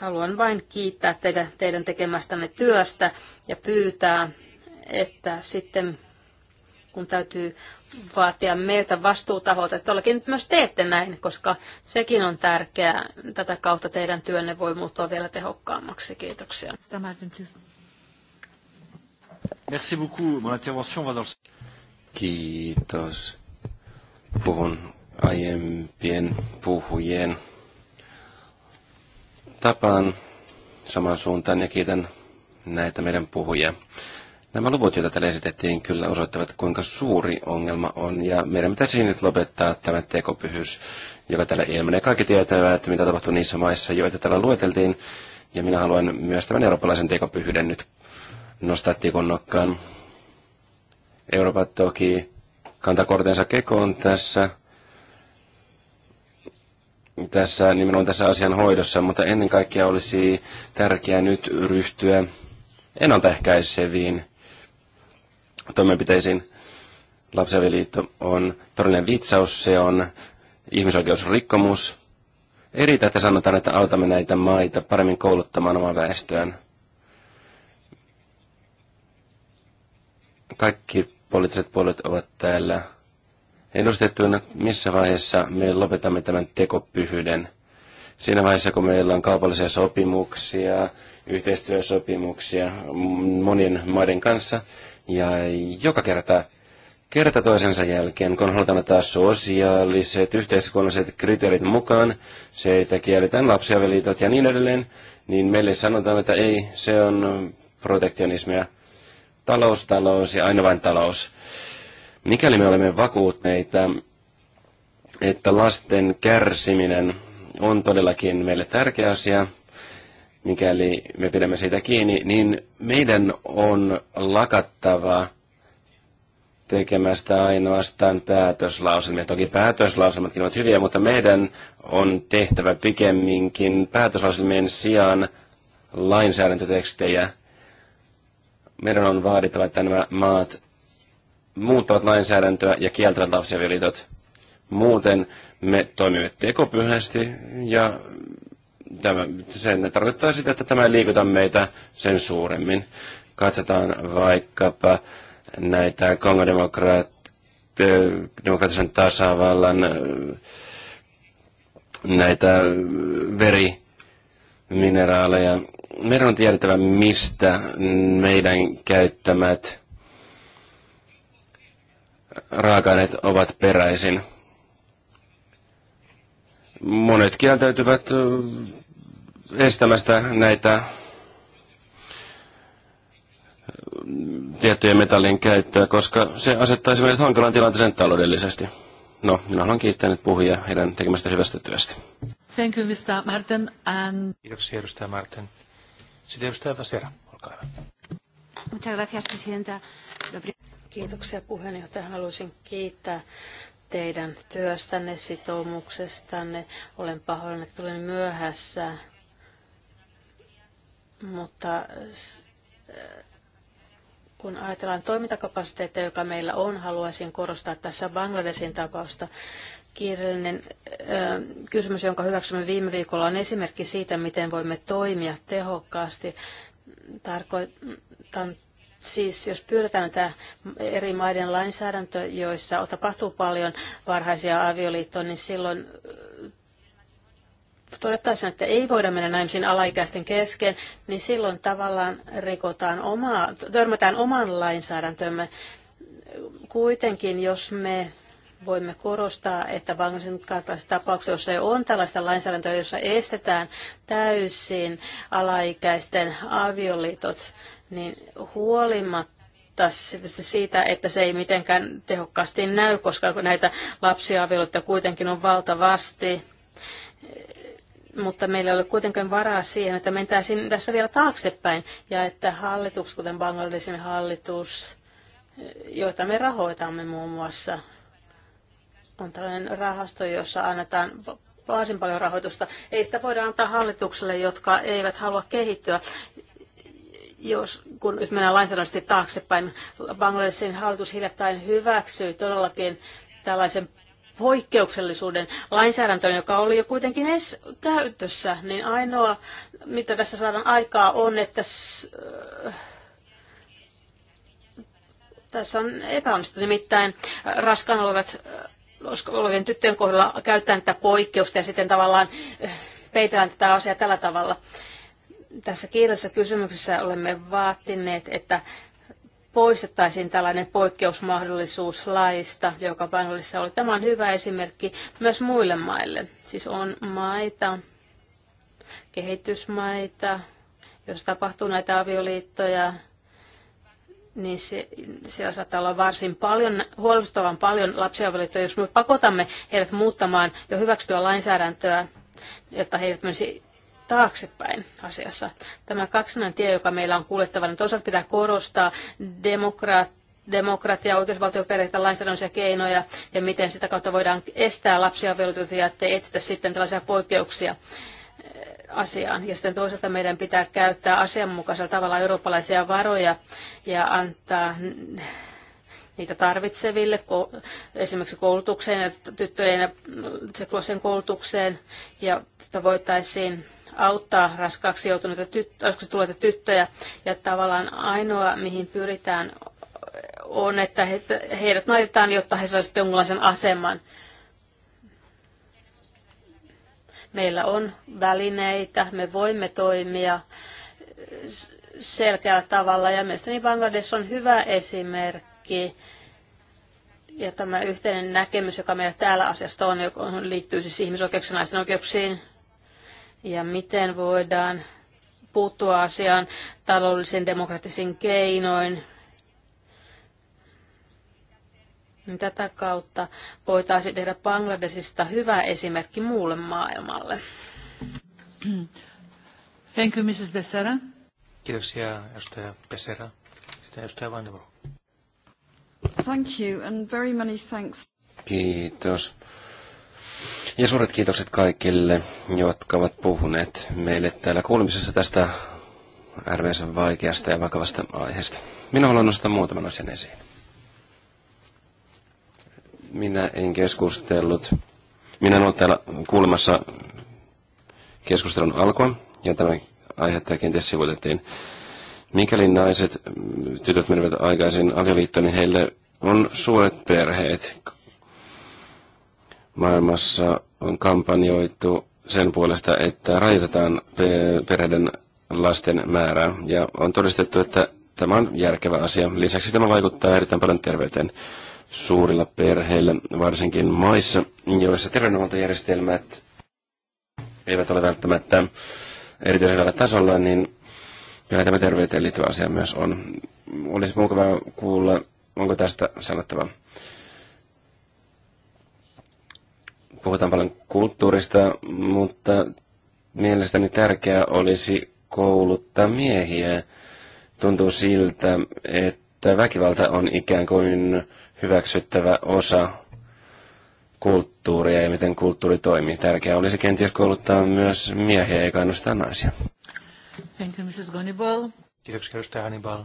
Haluan vain kiittää teitä, teidän tekemästänne työstä ja pyytää, että sitten kun täytyy vaatia meiltä vastuutaholta, että todellakin nyt myös teette näin, koska sekin on tärkeää. Tätä kautta teidän työnne voi muuttua vielä tehokkaammaksi. Kiitoksia. Merci beaucoup. Mon intervention va dans... Kiitos. Puhun aiempien puhujien tapaan saman suuntaan ja kiitän näitä meidän puhujia. Nämä luvut, joita täällä esitettiin, kyllä osoittavat, kuinka suuri ongelma on, ja meidän pitäisi siis nyt lopettaa tämä tekopyhyys, joka täällä ilmenee. Kaikki tietävät, mitä tapahtuu niissä maissa, joita täällä lueteltiin, ja minä haluan myös tämän eurooppalaisen tekopyhyyden nyt nostaa tikun nokkaan. Eurooppa toki kantaa kortensa kekoon tässä, tässä, nimenomaan tässä asian hoidossa, mutta ennen kaikkea olisi tärkeää nyt ryhtyä ennaltaehkäiseviin toimenpiteisiin. Lapsiavioliitto on todellinen vitsaus, se on ihmisoikeusrikkomus. Ei riitä, että sanotaan, että autamme näitä maita paremmin kouluttamaan omaa väestöään. Kaikki poliittiset puolet ovat täällä ennustettuina, missä vaiheessa me lopetamme tämän tekopyhyyden. Siinä vaiheessa, kun meillä on kaupallisia sopimuksia, yhteistyösopimuksia monien maiden kanssa, ja joka kerta, kerta toisensa jälkeen, kun halutaan ottaa sosiaaliset, yhteiskunnalliset kriteerit mukaan, se, että kielletään lapsiavioliitot ja niin edelleen, niin meille sanotaan, että ei, se on protektionismia. Talous, talous ja aina vain talous. Mikäli me olemme vakuutneita, että lasten kärsiminen on todellakin meille tärkeä asia, mikäli me pidämme siitä kiinni, niin meidän on lakattava tekemästä ainoastaan päätöslauselmia. Toki päätöslauselmatkin ovat hyviä, mutta meidän on tehtävä pikemminkin päätöslauselmien sijaan lainsäädäntötekstejä. Meidän on vaadittava, että nämä maat muuttavat lainsäädäntöä ja kieltävät lapsiavioliitot. Muuten me toimimme tekopyhästi ja tämä, sen tarkoittaa sitä, että tämä ei liikuta meitä sen suuremmin. Katsotaan vaikkapa näitä kongodemokraattisen tasavallan äh, näitä verimineraaleja. Meidän on tiedettävä, mistä meidän käyttämät raaka-aineet ovat peräisin. Monet kieltäytyvät estämästä näitä tiettyjen metallien käyttöä, koska se asettaisi meidät hankalan tilanteeseen taloudellisesti. No, minä haluan kiittää nyt puhujia heidän tekemästä hyvästä työstä. Thank you, Mr. Martin. And... Kiitoksia, edustaja Martin. Sitten edustaja Vasera, olkaa hyvä. Muchas gracias, presidenta. Kiitoksia puheenjohtaja. Haluaisin kiittää teidän työstänne, sitoumuksestanne. Olen pahoillani, että tulin myöhässä, mutta kun ajatellaan toimintakapasiteettia, joka meillä on, haluaisin korostaa tässä Bangladesin tapausta. Kiireellinen ö, kysymys, jonka hyväksymme viime viikolla, on esimerkki siitä, miten voimme toimia tehokkaasti. Tarkoitan Siis jos pyydetään tätä eri maiden lainsäädäntö, joissa tapahtuu paljon varhaisia avioliittoja, niin silloin äh, todettaisiin, että ei voida mennä naimisiin alaikäisten kesken, niin silloin tavallaan rikotaan omaa, törmätään oman lainsäädäntömme. Kuitenkin, jos me voimme korostaa, että Bangladesin kaltaisessa tapauksessa, jossa on tällaista lainsäädäntöä, jossa estetään täysin alaikäisten avioliitot, niin huolimatta siitä, että se ei mitenkään tehokkaasti näy, koska näitä lapsiavioliittoja kuitenkin on valtavasti mutta meillä ei ole kuitenkin varaa siihen, että mentäisiin tässä vielä taaksepäin ja että hallitukset, kuten Bangladesin hallitus, joita me rahoitamme muun muassa, on tällainen rahasto, jossa annetaan varsin paljon rahoitusta. Ei sitä voida antaa hallitukselle, jotka eivät halua kehittyä jos, kun nyt mennään lainsäädännöllisesti taaksepäin, Bangladesin hallitus hiljattain hyväksyi todellakin tällaisen poikkeuksellisuuden lainsäädäntöön, joka oli jo kuitenkin edes käytössä, niin ainoa, mitä tässä saadaan aikaa, on, että äh, tässä on epäonnistunut. Nimittäin äh, raskaan olevat, äh, olevien tyttöjen kohdalla käytetään tätä poikkeusta ja sitten tavallaan peitellään tätä asiaa tällä tavalla tässä kiireellisessä kysymyksessä olemme vaatineet, että poistettaisiin tällainen poikkeusmahdollisuus laista, joka mahdollista oli. Tämä on hyvä esimerkki myös muille maille. Siis on maita, kehitysmaita, jos tapahtuu näitä avioliittoja, niin se, siellä saattaa olla varsin paljon, huolestuttavan paljon lapsiavioliittoja, jos me pakotamme heidät muuttamaan jo hyväksyttyä lainsäädäntöä, jotta he eivät menisi taaksepäin asiassa. Tämä kaksinainen tie, joka meillä on kuljettavana, toisaalta pitää korostaa demokraat, demokratia, oikeusvaltioperiaatteita, lainsäädännöllisiä keinoja ja miten sitä kautta voidaan estää lapsia ja etsitä sitten tällaisia poikkeuksia eh, asiaan. Ja sitten toisaalta meidän pitää käyttää asianmukaisella tavalla eurooppalaisia varoja ja antaa niitä tarvitseville, esimerkiksi koulutukseen ja tyttöjen ja koulutukseen, ja voitaisiin auttaa raskaaksi joutuneita tyttö, raskaaksi tuleita tyttöjä. Ja tavallaan ainoa, mihin pyritään, on, että heidät naitetaan, jotta he saisivat jonkinlaisen aseman. Meillä on välineitä, me voimme toimia selkeällä tavalla ja mielestäni Bangladesh on hyvä esimerkki kaikki ja tämä yhteinen näkemys, joka meillä täällä asiasta on, joka liittyy siis ihmisoikeuksien naisten oikeuksiin, ja miten voidaan puuttua asiaan taloudellisen demokraattisin keinoin. Tätä kautta voitaisiin tehdä Bangladesista hyvä esimerkki muulle maailmalle. Thank you, Mrs. Becerra. Kiitoksia, edustaja Becerra. Sitten edustaja Vandenbroek. Thank you and very many thanks. Kiitos. Ja suuret kiitokset kaikille, jotka ovat puhuneet meille täällä kuulemisessa tästä äärimmäisen vaikeasta ja vakavasta aiheesta. Minä haluan nostaa muutaman asian esiin. Minä en keskustellut. Minä en ole täällä kuulemassa keskustelun alkua, ja tämä aihe kenties sivuutettiin. Mikäli naiset, tytöt menevät aikaisin avioliittoon, niin heille on suuret perheet. Maailmassa on kampanjoitu sen puolesta, että rajoitetaan perheiden lasten määrää. Ja on todistettu, että tämä on järkevä asia. Lisäksi tämä vaikuttaa erittäin paljon terveyteen suurilla perheillä, varsinkin maissa, joissa terveydenhuoltojärjestelmät eivät ole välttämättä erityisen hyvällä tasolla, niin Kyllä tämä terveyteen liittyvä asia myös on. Olisi mukavaa kuulla, onko tästä sanottava. Puhutaan paljon kulttuurista, mutta mielestäni tärkeää olisi kouluttaa miehiä. Tuntuu siltä, että väkivalta on ikään kuin hyväksyttävä osa kulttuuria ja miten kulttuuri toimii. Tärkeää olisi kenties kouluttaa myös miehiä ja kannustaa naisia. Thank you, Mrs. Gonibal. Kiitoksia, edustaja Hannibal.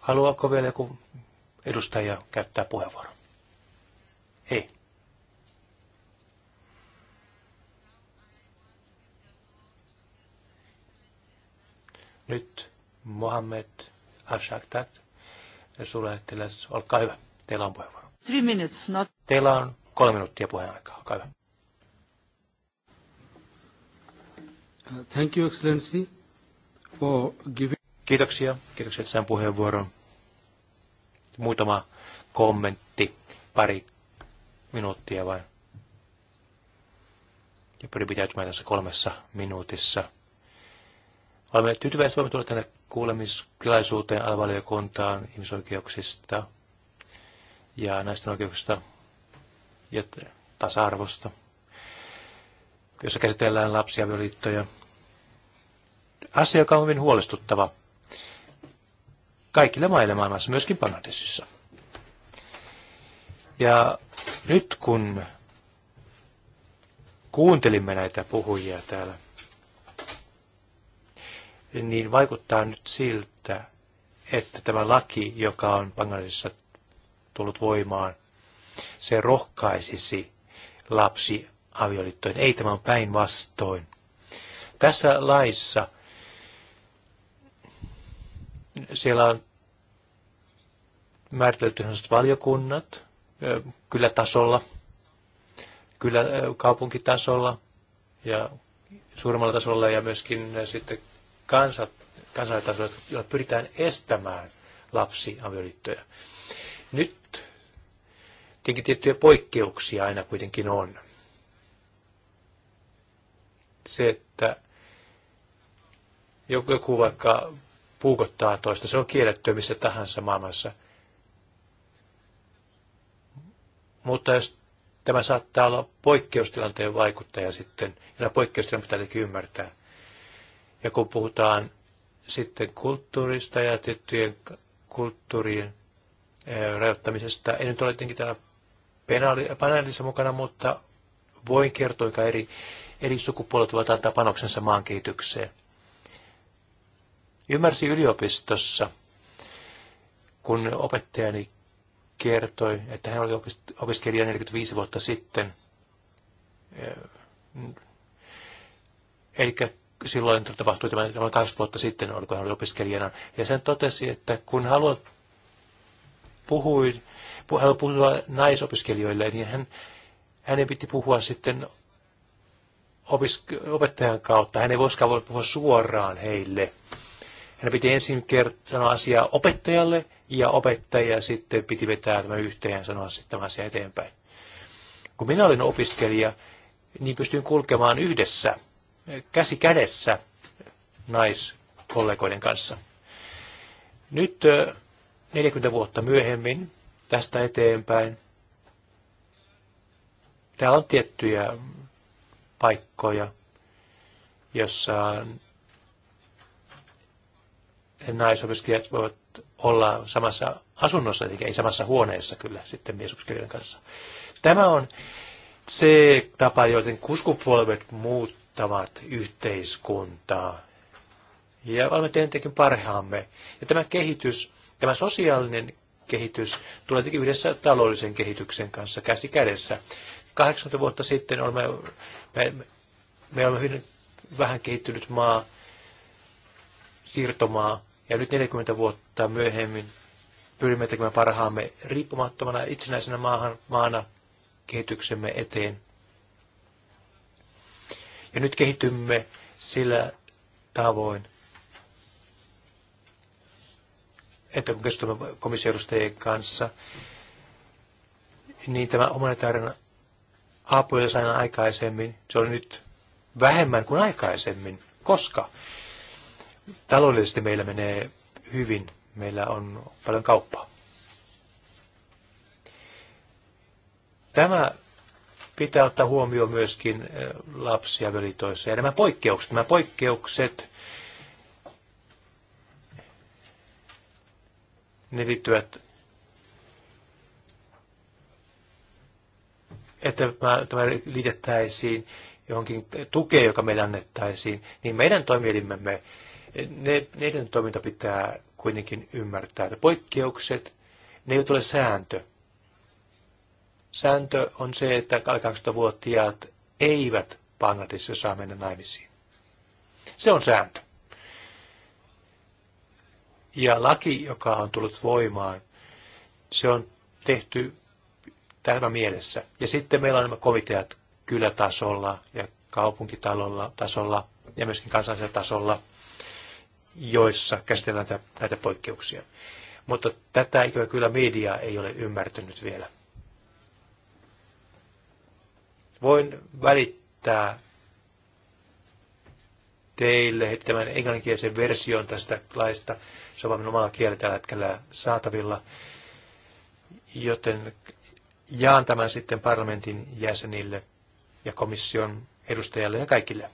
Haluaako vielä joku edustaja käyttää puheenvuoron? Ei. Nyt Mohammed Ashaktat, suurlähettiläs, olkaa hyvä. Teillä on puheenvuoro. Three minutes, not... Teillä on kolme minuuttia puheenaikaa, olkaa hyvä. Thank you, Excellency, for giving... Kiitoksia. Kiitoksia, että sain puheenvuoron. Muutama kommentti, pari minuuttia vain. Ja pyrin pitäytymään tässä kolmessa minuutissa. Olemme tyytyväisiä, voimme tulla tänne kuulemistilaisuuteen alavaliokuntaan ihmisoikeuksista ja naisten oikeuksista ja tasa-arvosta jossa käsitellään lapsiavioliittoja. Asia, joka on hyvin huolestuttava kaikille maille maailmassa, myöskin Bangladesissa. Ja nyt kun kuuntelimme näitä puhujia täällä, niin vaikuttaa nyt siltä, että tämä laki, joka on Bangladesissa tullut voimaan, se rohkaisisi lapsi avioliittoon. Ei tämä on päinvastoin. Tässä laissa siellä on määritelty valiokunnat kyllä tasolla, kyllä kaupunkitasolla ja suuremmalla tasolla ja myöskin sitten kansa, kansalaitasolla, tasolla, jolla pyritään estämään lapsiavioliittoja. Nyt tietenkin tiettyjä poikkeuksia aina kuitenkin on se, että joku, joku vaikka puukottaa toista, se on kiellettyä missä tahansa maailmassa. Mutta jos tämä saattaa olla poikkeustilanteen vaikuttaja sitten, ja poikkeustilanteet pitää tietenkin ymmärtää. Ja kun puhutaan sitten kulttuurista ja tiettyjen kulttuurien rajoittamisesta, ei nyt ole tietenkin täällä paneelissa mukana, mutta voin kertoa eri eri sukupuolet voivat antaa panoksensa maan kehitykseen. yliopistossa, kun opettajani kertoi, että hän oli opiskelija 45 vuotta sitten. Eli silloin tapahtui tämä, tämä kaksi vuotta sitten, oliko hän oli opiskelijana. Ja sen totesi, että kun haluat puhua, hän puhua naisopiskelijoille, niin hän, hänen piti puhua sitten opisk- opettajan kautta. Hän ei voisikaan voi puhua suoraan heille. Hän piti ensin kertoa asiaa opettajalle ja opettaja sitten piti vetää tämä yhteen ja sanoa sitten tämä asia eteenpäin. Kun minä olin opiskelija, niin pystyin kulkemaan yhdessä, käsi kädessä naiskollegoiden kanssa. Nyt 40 vuotta myöhemmin tästä eteenpäin, täällä on tiettyjä paikkoja, jossa naisopiskelijat voivat olla samassa asunnossa, eli ei samassa huoneessa kyllä sitten miesopiskelijoiden kanssa. Tämä on se tapa, joten kuskupolvet muuttavat yhteiskuntaa. Ja olemme tietenkin parhaamme. Ja tämä kehitys, tämä sosiaalinen kehitys tulee yhdessä taloudellisen kehityksen kanssa käsi kädessä. 80 vuotta sitten olemme, me, me, me olemme hyvin vähän kehittynyt maa, siirtomaa, ja nyt 40 vuotta myöhemmin pyrimme tekemään parhaamme riippumattomana itsenäisenä maahan, maana kehityksemme eteen. Ja nyt kehitymme sillä tavoin, että kun keskustelemme komissiorustajien kanssa, niin tämä humanitaarinen Aapuisena aikaisemmin, se oli nyt vähemmän kuin aikaisemmin, koska taloudellisesti meillä menee hyvin, meillä on paljon kauppaa. Tämä pitää ottaa huomioon myöskin eh, lapsia velitoissa. Ja nämä poikkeukset, nämä poikkeukset, ne liittyvät että tämä liitettäisiin johonkin tukeen, joka meille annettaisiin, niin meidän toimielimemme, ne, niiden toiminta pitää kuitenkin ymmärtää, että poikkeukset, ne eivät ole sääntö. Sääntö on se, että alle vuotiaat eivät Bangladesissa saa mennä naimisiin. Se on sääntö. Ja laki, joka on tullut voimaan, se on tehty tämä mielessä. Ja sitten meillä on nämä komiteat kylätasolla ja kaupunkitalolla tasolla ja myöskin kansallisella tasolla, joissa käsitellään näitä, näitä poikkeuksia. Mutta tätä ikävä kyllä media ei ole ymmärtänyt vielä. Voin välittää teille tämän englanninkielisen version tästä laista. Se on minun omalla kielellä tällä hetkellä saatavilla, joten jaan tämän sitten parlamentin jäsenille ja komission edustajalle ja kaikille.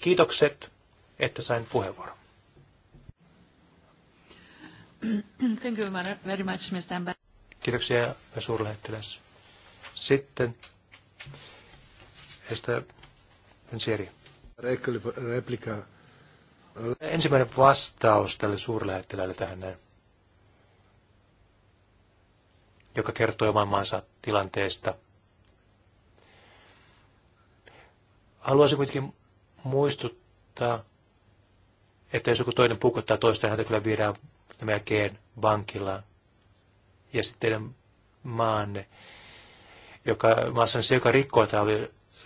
Kiitokset, että sain puheenvuoron. [CLEARS THROAT] Kiitoksia, ja suurlähettiläs. Sitten heistä Pensieri. Replika. Ensimmäinen vastaus tälle suurlähettilälle tähän näin. joka kertoi oman maansa tilanteesta. Haluaisin kuitenkin muistuttaa, että jos joku toinen pukottaa toista, niin häntä kyllä viedään melkein vankilaan. Ja sitten teidän maanne, joka maassa on se, joka rikkoo tämä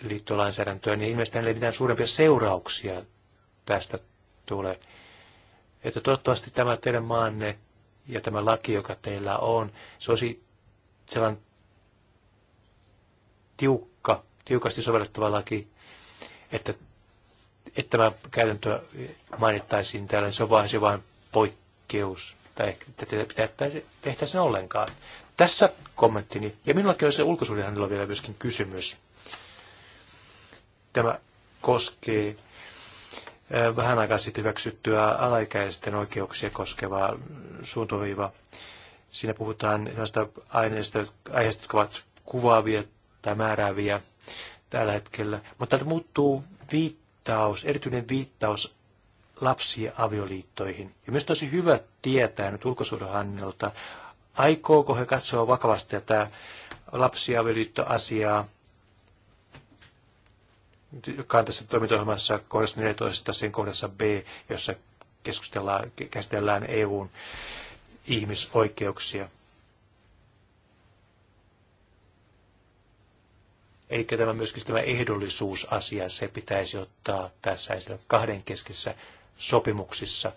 liittolainsäädäntöä, niin ilmeisesti hänelle ei mitään suurempia seurauksia tästä tule. Että toivottavasti tämä teidän maanne ja tämä laki, joka teillä on, se olisi sellainen tiukka, tiukasti sovellettava laki, että, että tämä käytäntö mainittaisiin täällä, se on vain, se vain poikkeus, tai ehkä tehtäisiin sen ollenkaan. Tässä kommenttini, ja minullakin on se ulkosuudenhallinnolla vielä myöskin kysymys. Tämä koskee vähän aikaa sitten hyväksyttyä alaikäisten oikeuksia koskevaa suuntaviiva Siinä puhutaan sellaista aineista, aiheista, jotka ovat kuvaavia tai määrääviä tällä hetkellä. Mutta täältä muuttuu viittaus, erityinen viittaus lapsia avioliittoihin. Ja myös tosi hyvä tietää nyt ulkosuudenhannelta, aikooko he katsoa vakavasti tätä avioliittoasiaa, joka on tässä toimintaohjelmassa kohdassa 14, sen kohdassa B, jossa keskustellaan, käsitellään EUn ihmisoikeuksia. Eli tämä myöskin tämä ehdollisuusasia, se pitäisi ottaa tässä esille keskissä sopimuksissa,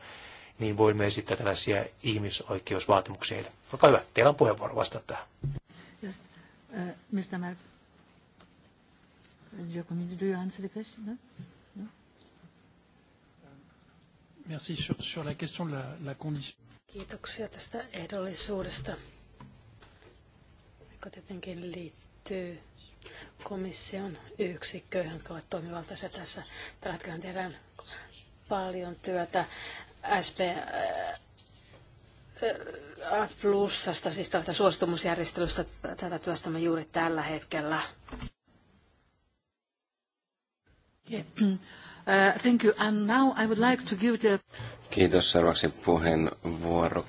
niin voimme esittää tällaisia ihmisoikeusvaatimuksia heille. Olkaa hyvä, teillä on puheenvuoro vastata tähän. Yes. Uh, Mr. Mark, do you answer the question? No? Merci sur, sur la question de la, la condition. Kiitoksia tästä ehdollisuudesta, joka tietenkin liittyy komission yksikköihin, jotka ovat toimivaltaisia tässä. Tällä hetkellä tehdään paljon työtä SP, äh, äh, plussasta, siis tällaista suostumusjärjestelystä, tätä työstämme juuri tällä hetkellä. Yeah. Uh, thank you. And now I would like to give the... Kiitos seuraavaksi puheenvuoro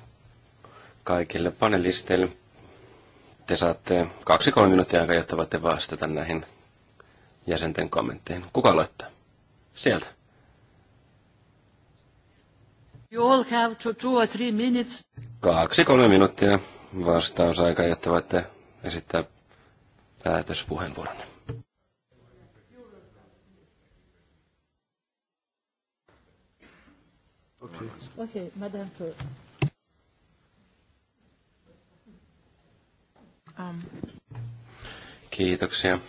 kaikille panelisteille. Te saatte kaksi-kolme minuuttia aikaa, jotta voitte vastata näihin jäsenten kommentteihin. Kuka aloittaa? Sieltä. You all have two or three minutes. Kaksi kolme minuuttia vastausaika, jotta voitte esittää päätöspuheenvuoronne. Okay, Madame Kerr. Um. Kiitoksia.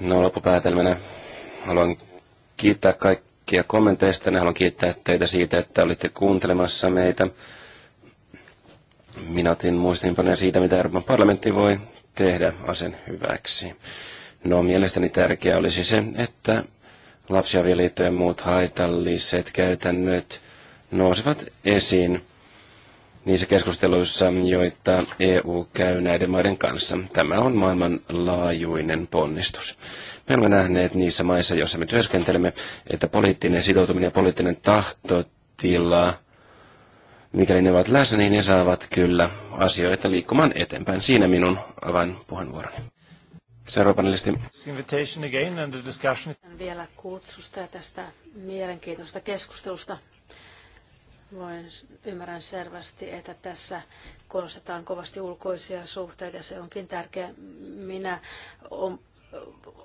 No loppupäätelmänä haluan kiittää kaikkia kommenteista. Haluan kiittää teitä siitä, että olitte kuuntelemassa meitä. Minä otin muistinpanoja siitä, mitä Euroopan parlamentti voi tehdä asen hyväksi. No mielestäni tärkeää olisi se, että lapsiavioliitto ja muut haitalliset käytännöt nousevat esiin niissä keskusteluissa, joita EU käy näiden maiden kanssa. Tämä on maailmanlaajuinen ponnistus. Me olemme nähneet niissä maissa, joissa me työskentelemme, että poliittinen sitoutuminen ja poliittinen tahtotila, mikäli ne ovat läsnä, niin ne saavat kyllä asioita liikkumaan eteenpäin. Siinä minun avainpuheenvuoroni. Seuraava panelisti. Vielä kutsusta ja tästä mielenkiintoista keskustelusta. Voin, ymmärrän selvästi, että tässä korostetaan kovasti ulkoisia suhteita. Se onkin tärkeää. Minä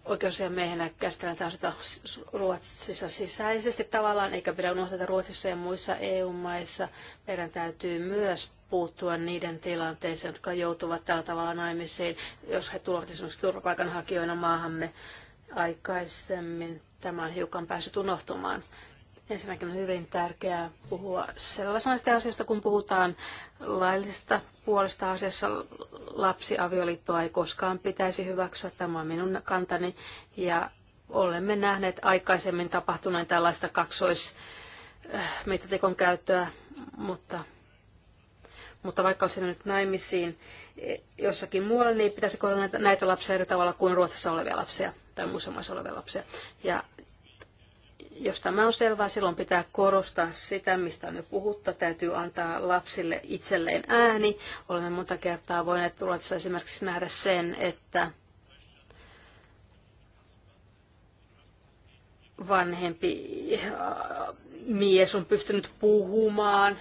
oikeusasiamiehenä käsitellään taas Ruotsissa sisäisesti tavallaan, eikä pidä unohtaa, että Ruotsissa ja muissa EU-maissa meidän täytyy myös puuttua niiden tilanteeseen, jotka joutuvat tällä tavalla naimisiin, jos he tulevat esimerkiksi turvapaikanhakijoina maahamme aikaisemmin. Tämä on hiukan päässyt unohtumaan. Ensinnäkin on hyvin tärkeää puhua sellaisista asioista, kun puhutaan laillisesta puolesta asiassa lapsiavioliittoa ei koskaan pitäisi hyväksyä. Tämä on minun kantani ja olemme nähneet aikaisemmin tapahtuneen tällaista kaksoismittatekon äh, käyttöä, mutta, mutta vaikka olisimme nyt naimisiin e, jossakin muualla, niin pitäisi kohdata näitä lapsia eri tavalla kuin Ruotsissa olevia lapsia tai muissa maissa olevia lapsia. Ja jos tämä on selvää, silloin pitää korostaa sitä, mistä on jo puhuttu. Täytyy antaa lapsille itselleen ääni. Olemme monta kertaa voineet tulla esimerkiksi nähdä sen, että vanhempi äh, mies on pystynyt puhumaan,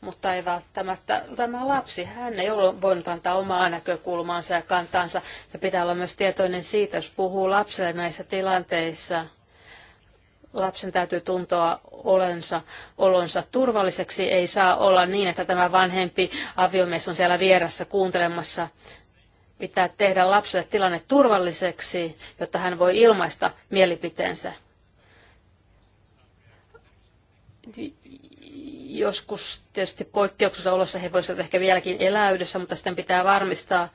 mutta ei välttämättä tämä lapsi. Hän ei ole voinut antaa omaa näkökulmaansa ja kantansa. Ja pitää olla myös tietoinen siitä, jos puhuu lapselle näissä tilanteissa – lapsen täytyy tuntua olensa, olonsa turvalliseksi. Ei saa olla niin, että tämä vanhempi aviomies on siellä vieressä kuuntelemassa. Pitää tehdä lapselle tilanne turvalliseksi, jotta hän voi ilmaista mielipiteensä. Joskus tietysti poikkeuksessa olossa he voisivat ehkä vieläkin elää yhdessä, mutta sitten pitää varmistaa,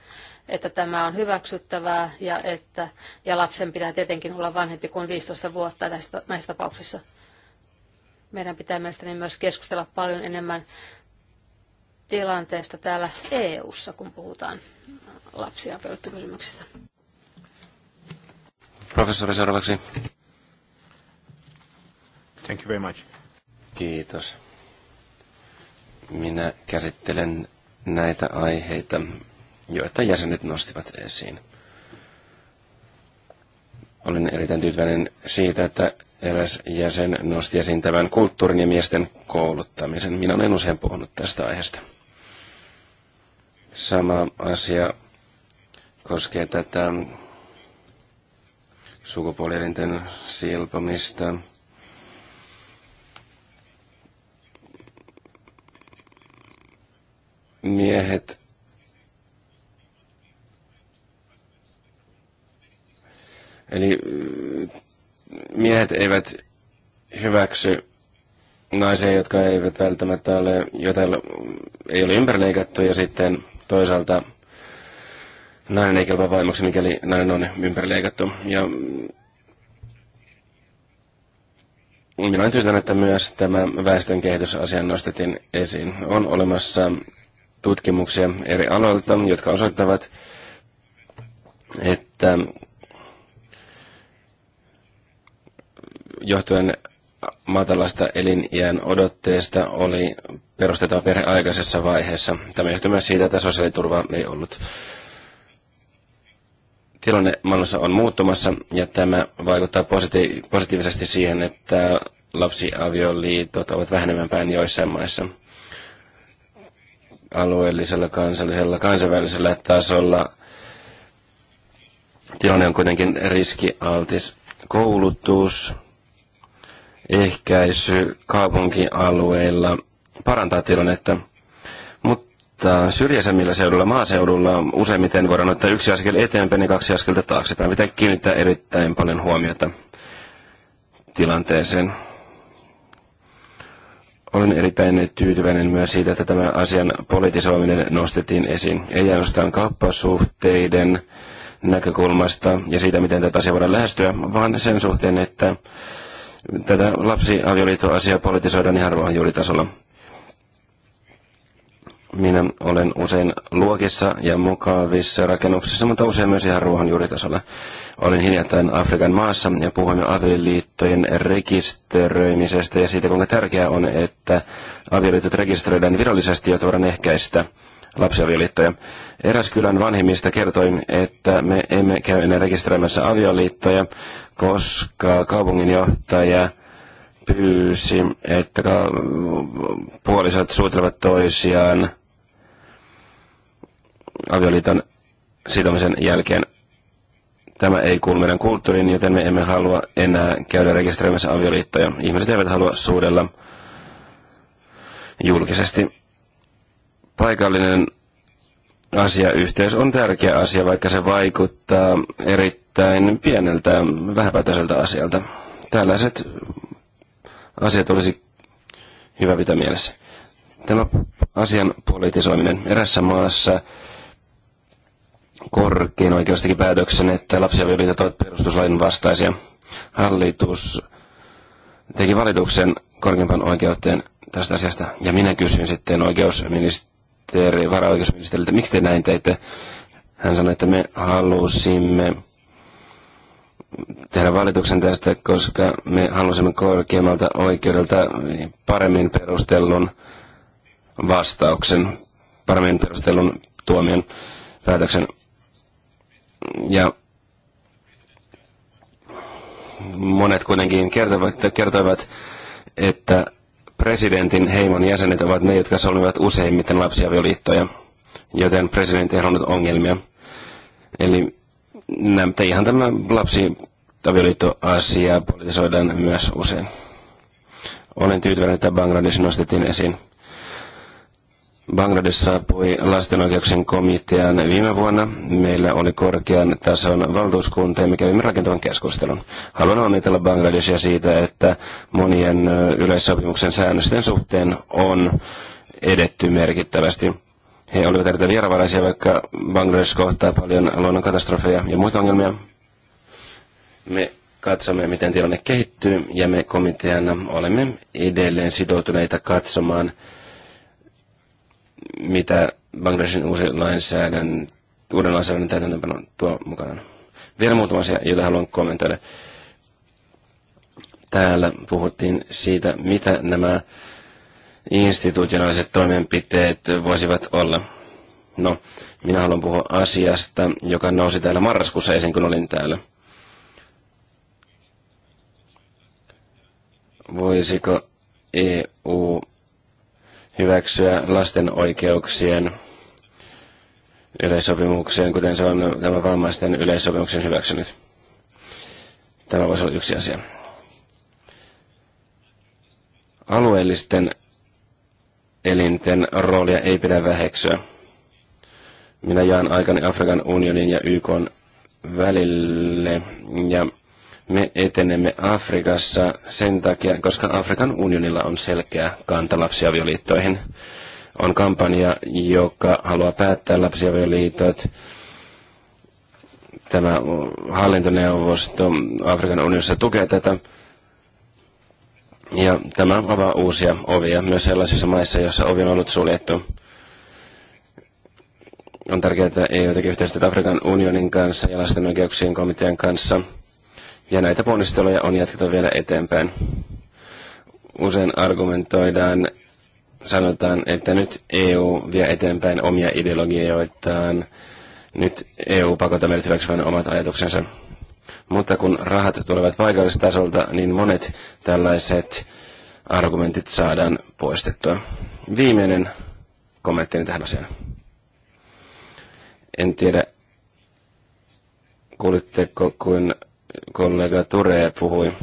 että tämä on hyväksyttävää ja, että, ja lapsen pitää tietenkin olla vanhempi kuin 15 vuotta näistä, näissä tapauksissa. Meidän pitää mielestäni myös keskustella paljon enemmän tilanteesta täällä EU-ssa, kun puhutaan lapsia ja pöyttökysymyksistä. Professori seuraavaksi. Thank you very much. Kiitos. Minä käsittelen näitä aiheita joita jäsenet nostivat esiin. Olen erittäin tyytyväinen siitä, että eräs jäsen nosti esiin tämän kulttuurin ja miesten kouluttamisen. Minä olen usein puhunut tästä aiheesta. Sama asia koskee tätä sukupuolielinten silpomista. Miehet Eli miehet eivät hyväksy naisia, jotka eivät välttämättä ole, joita ei ole ympärileikattu, ja sitten toisaalta nainen ei kelpaa vaimoksi, mikäli nainen on ympärileikattu. Ja mm, minä olen tyytyväinen, että myös tämä väestön kehitysasia nostettiin esiin. On olemassa tutkimuksia eri aloilta, jotka osoittavat, että johtuen matalasta elinjään odotteesta oli perustettava perhe aikaisessa vaiheessa. Tämä johtui myös siitä, että sosiaaliturva ei ollut. Tilanne maailmassa on muuttumassa ja tämä vaikuttaa positi- positiivisesti siihen, että lapsiavioliitot ovat vähenemään päin joissain maissa. Alueellisella, kansallisella, kansainvälisellä tasolla tilanne on kuitenkin riskialtis. Koulutus, ehkäisy kaupunkialueilla parantaa tilannetta. Mutta syrjäisemmillä seudulla, maaseudulla useimmiten voidaan ottaa yksi askel eteenpäin ja kaksi askelta taaksepäin. Pitää kiinnittää erittäin paljon huomiota tilanteeseen. Olen erittäin tyytyväinen myös siitä, että tämä asian politisoiminen nostettiin esiin. Ei ainoastaan kauppasuhteiden näkökulmasta ja siitä, miten tätä asiaa voidaan lähestyä, vaan sen suhteen, että tätä lapsiavioliittoasiaa politisoidaan ihan ruohonjuuritasolla. Minä olen usein luokissa ja mukavissa rakennuksissa, mutta usein myös ihan ruohonjuuritasolla. Olin hiljattain Afrikan maassa ja puhuimme avioliittojen rekisteröimisestä ja siitä, kuinka tärkeää on, että avioliitot rekisteröidään virallisesti, ja tuodaan ehkäistä lapsiavioliittoja. Eräs kylän vanhimmista kertoi, että me emme käy enää rekisteröimässä avioliittoja, koska kaupunginjohtaja pyysi, että puolisot suutelevat toisiaan avioliiton sitomisen jälkeen. Tämä ei kuulu meidän kulttuuriin, joten me emme halua enää käydä rekisteröimässä avioliittoja. Ihmiset eivät halua suudella julkisesti paikallinen asiayhteys on tärkeä asia, vaikka se vaikuttaa erittäin pieneltä, vähäpätöiseltä asialta. Tällaiset asiat olisi hyvä pitää mielessä. Tämä asian politisoiminen. Erässä maassa korkein oikeus teki päätöksen, että lapsia ovat perustuslain vastaisia. Hallitus teki valituksen korkeimpaan oikeuteen tästä asiasta. Ja minä kysyin sitten oikeusministeriön ministeri, varaoikeusministeriltä, miksi te näin teitte? Hän sanoi, että me halusimme tehdä valituksen tästä, koska me halusimme korkeammalta oikeudelta paremmin perustellun vastauksen, paremmin perustellun tuomion päätöksen. Ja monet kuitenkin kertoivat että presidentin heimon jäsenet ovat ne, jotka solmivat useimmiten lapsiavioliittoja, joten presidentti on ollut ongelmia. Eli näitä ihan tämä lapsiavioliittoasia politisoidaan myös usein. Olen tyytyväinen, että Bangladesh nostettiin esiin. Bangladesh saapui lasten oikeuksien komitean viime vuonna. Meillä oli korkean tason valtuuskunta ja me kävimme rakentavan keskustelun. Haluan onnitella Bangladesia siitä, että monien yleissopimuksen säännösten suhteen on edetty merkittävästi. He olivat erittäin vieravaraisia, vaikka Bangladesh kohtaa paljon luonnonkatastrofeja ja muita ongelmia. Me katsomme, miten tilanne kehittyy ja me komiteana olemme edelleen sitoutuneita katsomaan, mitä Bangladeshin uusi lainsäädäntö, uuden lainsäädännön täytäntöönpano tuo mukana. Vielä muutama asia, joita haluan kommentoida. Täällä puhuttiin siitä, mitä nämä institutionaaliset toimenpiteet voisivat olla. No, minä haluan puhua asiasta, joka nousi täällä marraskuussa esiin, kun olin täällä. Voisiko EU hyväksyä lasten oikeuksien yleissopimukseen, kuten se on tämä vammaisten yleissopimuksen hyväksynyt. Tämä voisi olla yksi asia. Alueellisten elinten roolia ei pidä väheksyä. Minä jaan aikani Afrikan unionin ja YK välille ja me etenemme Afrikassa sen takia, koska Afrikan unionilla on selkeä kanta lapsiavioliittoihin. On kampanja, joka haluaa päättää lapsiavioliitot. Tämä hallintoneuvosto Afrikan unionissa tukee tätä. Ja tämä avaa uusia ovia myös sellaisissa maissa, joissa ovi on ollut suljettu. On tärkeää, että ei jotenkin yhteistyötä Afrikan unionin kanssa ja lasten oikeuksien komitean kanssa – ja näitä ponnisteluja on jatkettava vielä eteenpäin. Usein argumentoidaan, sanotaan, että nyt EU vie eteenpäin omia ideologioitaan, nyt EU pakottaa meidät hyväksymään omat ajatuksensa. Mutta kun rahat tulevat paikallistasolta, niin monet tällaiset argumentit saadaan poistettua. Viimeinen kommentti tähän asiaan. En tiedä, kuulitteko, kuin kollega Ture puhui.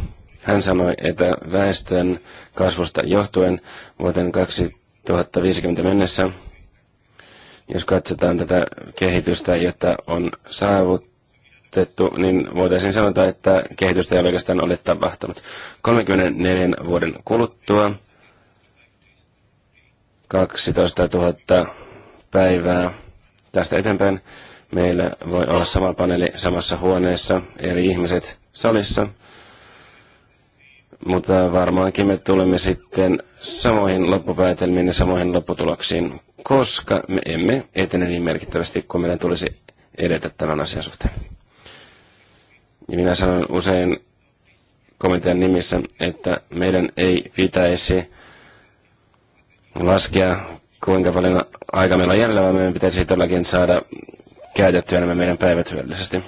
Hän sanoi, että väestön kasvusta johtuen vuoteen 2050 mennessä, jos katsotaan tätä kehitystä, jota on saavutettu, niin voitaisiin sanoa, että kehitystä ei oikeastaan ole tapahtunut. 34 vuoden kuluttua 12 000 päivää tästä eteenpäin Meillä voi olla sama paneeli samassa huoneessa, eri ihmiset salissa, mutta varmaankin me tulemme sitten samoihin loppupäätelmiin ja samoihin lopputuloksiin, koska me emme etene niin merkittävästi kuin meidän tulisi edetä tämän asian suhteen. Ja minä sanon usein komitean nimissä, että meidän ei pitäisi laskea, kuinka paljon aika meillä on jäljellä, vaan meidän pitäisi todellakin saada käytettyä enemmän meidän päivätyöllisesti.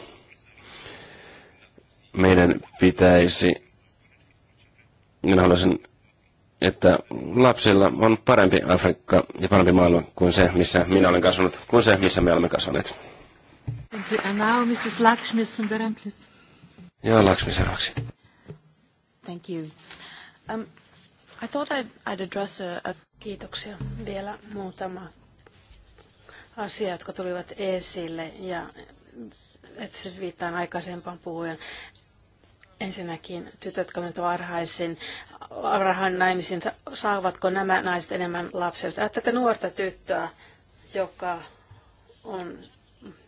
Meidän pitäisi, minä haluaisin, että lapsilla on parempi Afrikka ja parempi maailma kuin se, missä minä olen kasvanut, kuin se, missä me olemme kasvaneet. Ja you. Lakshmi Sundaram, Joo, Lakshmi seuraavaksi. Thank you. Um, I thought I'd, I'd address a, a... Kiitoksia. Vielä muutama asia, jotka tulivat esille ja että siis viittaan aikaisempaan puhujan. Ensinnäkin tytöt, jotka menevät varhaisin, varhain naimisiin, saavatko nämä naiset enemmän lapsia? Jos ajattelette nuorta tyttöä, joka on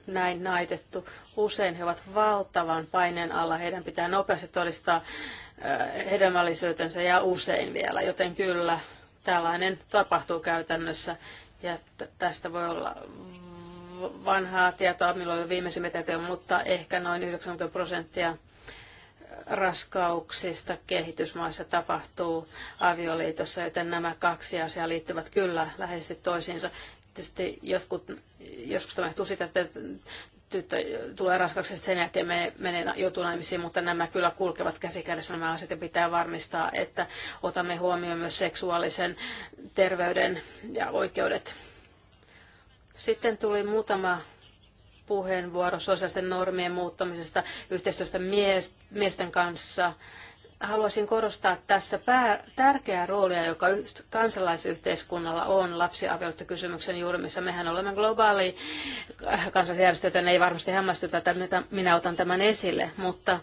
näin naitettu, usein he ovat valtavan paineen alla. Heidän pitää nopeasti todistaa äh, hedelmällisyytensä ja usein vielä, joten kyllä tällainen tapahtuu käytännössä ja tästä voi olla vanhaa tietoa, milloin oli viimeisimmät tietoja, mutta ehkä noin 90 prosenttia raskauksista kehitysmaissa tapahtuu avioliitossa, joten nämä kaksi asiaa liittyvät kyllä läheisesti toisiinsa. Tietysti jotkut, joskus tämä johtuu että tyttö tulee raskaaksi sen jälkeen menee, menee, joutuu naimisiin, mutta nämä kyllä kulkevat käsikädessä nämä asiat ja pitää varmistaa, että otamme huomioon myös seksuaalisen terveyden ja oikeudet. Sitten tuli muutama puheenvuoro sosiaalisten normien muuttamisesta, yhteistyöstä miesten kanssa haluaisin korostaa tässä pää, tärkeää roolia, joka kansalaisyhteiskunnalla on lapsiavioliittokysymyksen juurimissa. Mehän olemme globaali äh, kansalaisjärjestö, joten ei varmasti hämmästytä, että minä otan tämän esille, mutta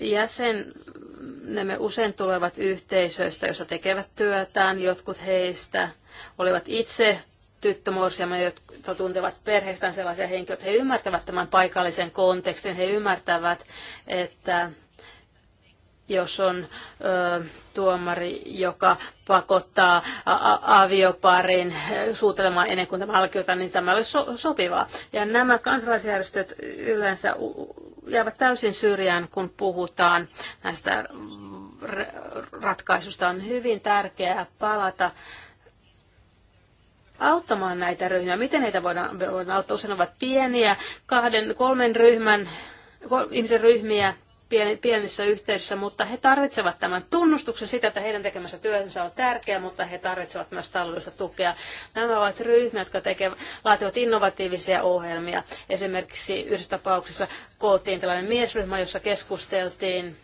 jäsenemme usein tulevat yhteisöistä, joissa tekevät työtään. Jotkut heistä olivat itse tyttömorsiamme, jotka tuntevat perheestään sellaisia henkilöitä. He ymmärtävät tämän paikallisen kontekstin, he ymmärtävät, että jos on ö, tuomari, joka pakottaa avioparin suutelemaan ennen kuin tämä alkiota, niin tämä olisi so- sopivaa. Ja nämä kansalaisjärjestöt yleensä jäävät täysin syrjään, kun puhutaan näistä ratkaisusta. On hyvin tärkeää palata auttamaan näitä ryhmiä. Miten heitä voidaan, voidaan auttaa? Usein ovat pieniä, kahden, kolmen ryhmän, ihmisen ryhmiä pienissä yhteisöissä, mutta he tarvitsevat tämän tunnustuksen sitä, että heidän tekemänsä työnsä on tärkeä, mutta he tarvitsevat myös taloudellista tukea. Nämä ovat ryhmät, jotka tekevät, laativat innovatiivisia ohjelmia. Esimerkiksi yhdessä tapauksessa koottiin tällainen miesryhmä, jossa keskusteltiin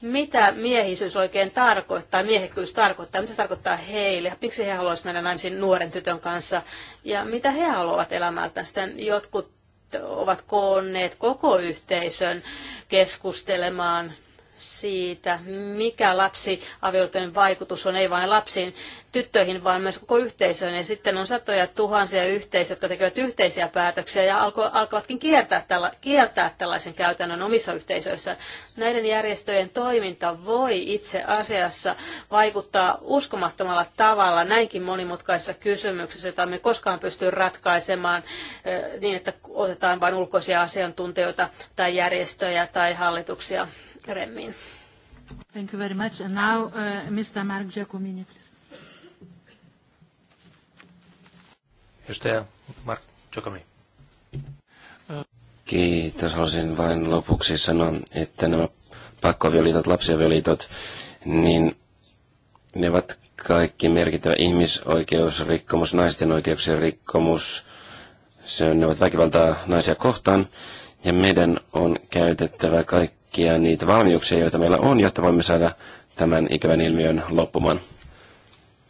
mitä miehisyys oikein tarkoittaa, miehekkyys tarkoittaa, mitä se tarkoittaa heille, miksi he haluaisivat näiden naimisiin nuoren tytön kanssa ja mitä he haluavat elämältä. Sitten jotkut ovat koonneet koko yhteisön keskustelemaan siitä, mikä lapsi avioliittojen vaikutus on, ei vain lapsiin, tyttöihin, vaan myös koko yhteisöön. Ja sitten on satoja tuhansia yhteisöjä, jotka tekevät yhteisiä päätöksiä ja alko, alkavatkin kiertää, tällä, kiertää tällaisen käytännön omissa yhteisöissä. Näiden järjestöjen toiminta voi itse asiassa vaikuttaa uskomattomalla tavalla näinkin monimutkaisessa kysymyksessä, jota me koskaan pysty ratkaisemaan niin, että otetaan vain ulkoisia asiantuntijoita tai järjestöjä tai hallituksia remmin. Thank you very much. And now uh, Mr. Mark Giacomini, please. Edustaja Mark Giacomini. Kiitos. Haluaisin vain lopuksi sanoa, että nämä pakkoavioliitot, lapsiavioliitot, niin ne ovat kaikki merkittävä ihmisoikeusrikkomus, naisten oikeuksien rikkomus. Se on, ne ovat väkivaltaa naisia kohtaan. Ja meidän on käytettävä kaikki kaikkia niitä valmiuksia, joita meillä on, jotta voimme saada tämän ikävän ilmiön loppumaan.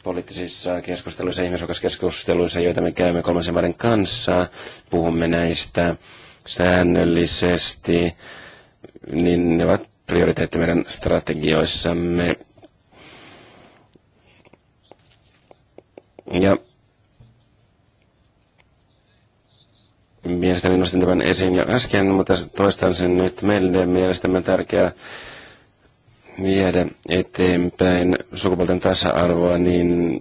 Poliittisissa keskusteluissa ja ihmisoikeuskeskusteluissa, joita me käymme kolmansien maiden kanssa, puhumme näistä säännöllisesti, niin ne ovat prioriteetti meidän strategioissamme. Ja Mielestäni nostin tämän esiin jo äsken, mutta toistan sen nyt meille. Mielestämme tärkeää viedä eteenpäin sukupuolten tasa-arvoa niin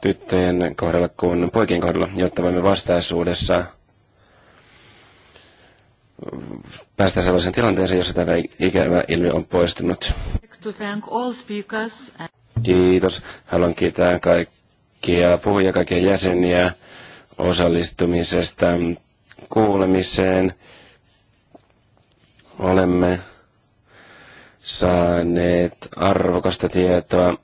tyttöjen kohdalla kuin poikien kohdalla, jotta voimme vastaisuudessa päästä sellaisen tilanteeseen, jossa tämä ikävä ilmiö on poistunut. Kiitos. Haluan kiittää kaikkia puhujia, kaikkia jäseniä osallistumisesta kuulemiseen. Olemme saaneet arvokasta tietoa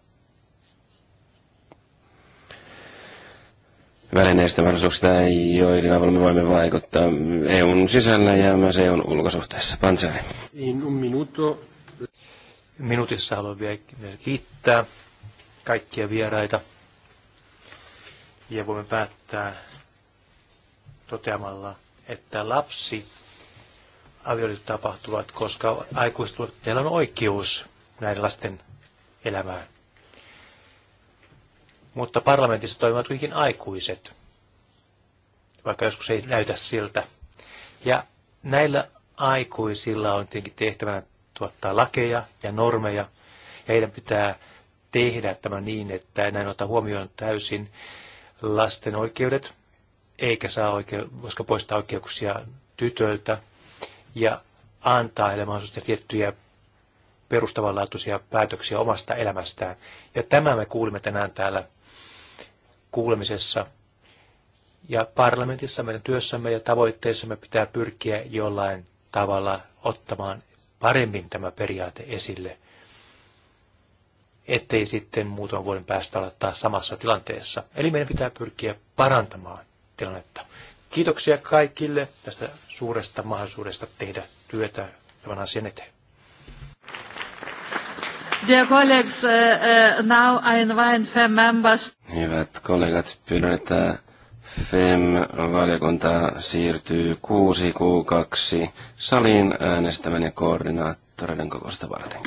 välineistä mahdollisuuksista, joiden avulla me voimme vaikuttaa EUn sisällä ja myös EUn ulkosuhteessa. Pansari. Minuutissa haluan vielä kiittää kaikkia vieraita ja voimme päättää toteamalla, että lapsi avioliitot tapahtuvat, koska aikuistuneilla on oikeus näiden lasten elämään. Mutta parlamentissa toimivat kuitenkin aikuiset, vaikka joskus ei näytä siltä. Ja näillä aikuisilla on tietenkin tehtävänä tuottaa lakeja ja normeja, ja heidän pitää tehdä tämä niin, että näin ottaa huomioon täysin lasten oikeudet eikä saa oikein, koska poistaa oikeuksia tytöltä ja antaa heille mahdollisuus tiettyjä perustavanlaatuisia päätöksiä omasta elämästään. Ja tämä me kuulimme tänään täällä kuulemisessa. Ja parlamentissa meidän työssämme ja tavoitteissamme pitää pyrkiä jollain tavalla ottamaan paremmin tämä periaate esille, ettei sitten muutaman vuoden päästä olla taas samassa tilanteessa. Eli meidän pitää pyrkiä parantamaan tilannetta. Kiitoksia kaikille tästä suuresta mahdollisuudesta tehdä työtä tämän asian eteen. Dear colleagues, uh, uh now I invite FEM members. Hyvät kollegat, pyydän, että FEM-valiokunta siirtyy 6 Q2 saliin äänestämän ja koordinaattoreiden kokousta varten.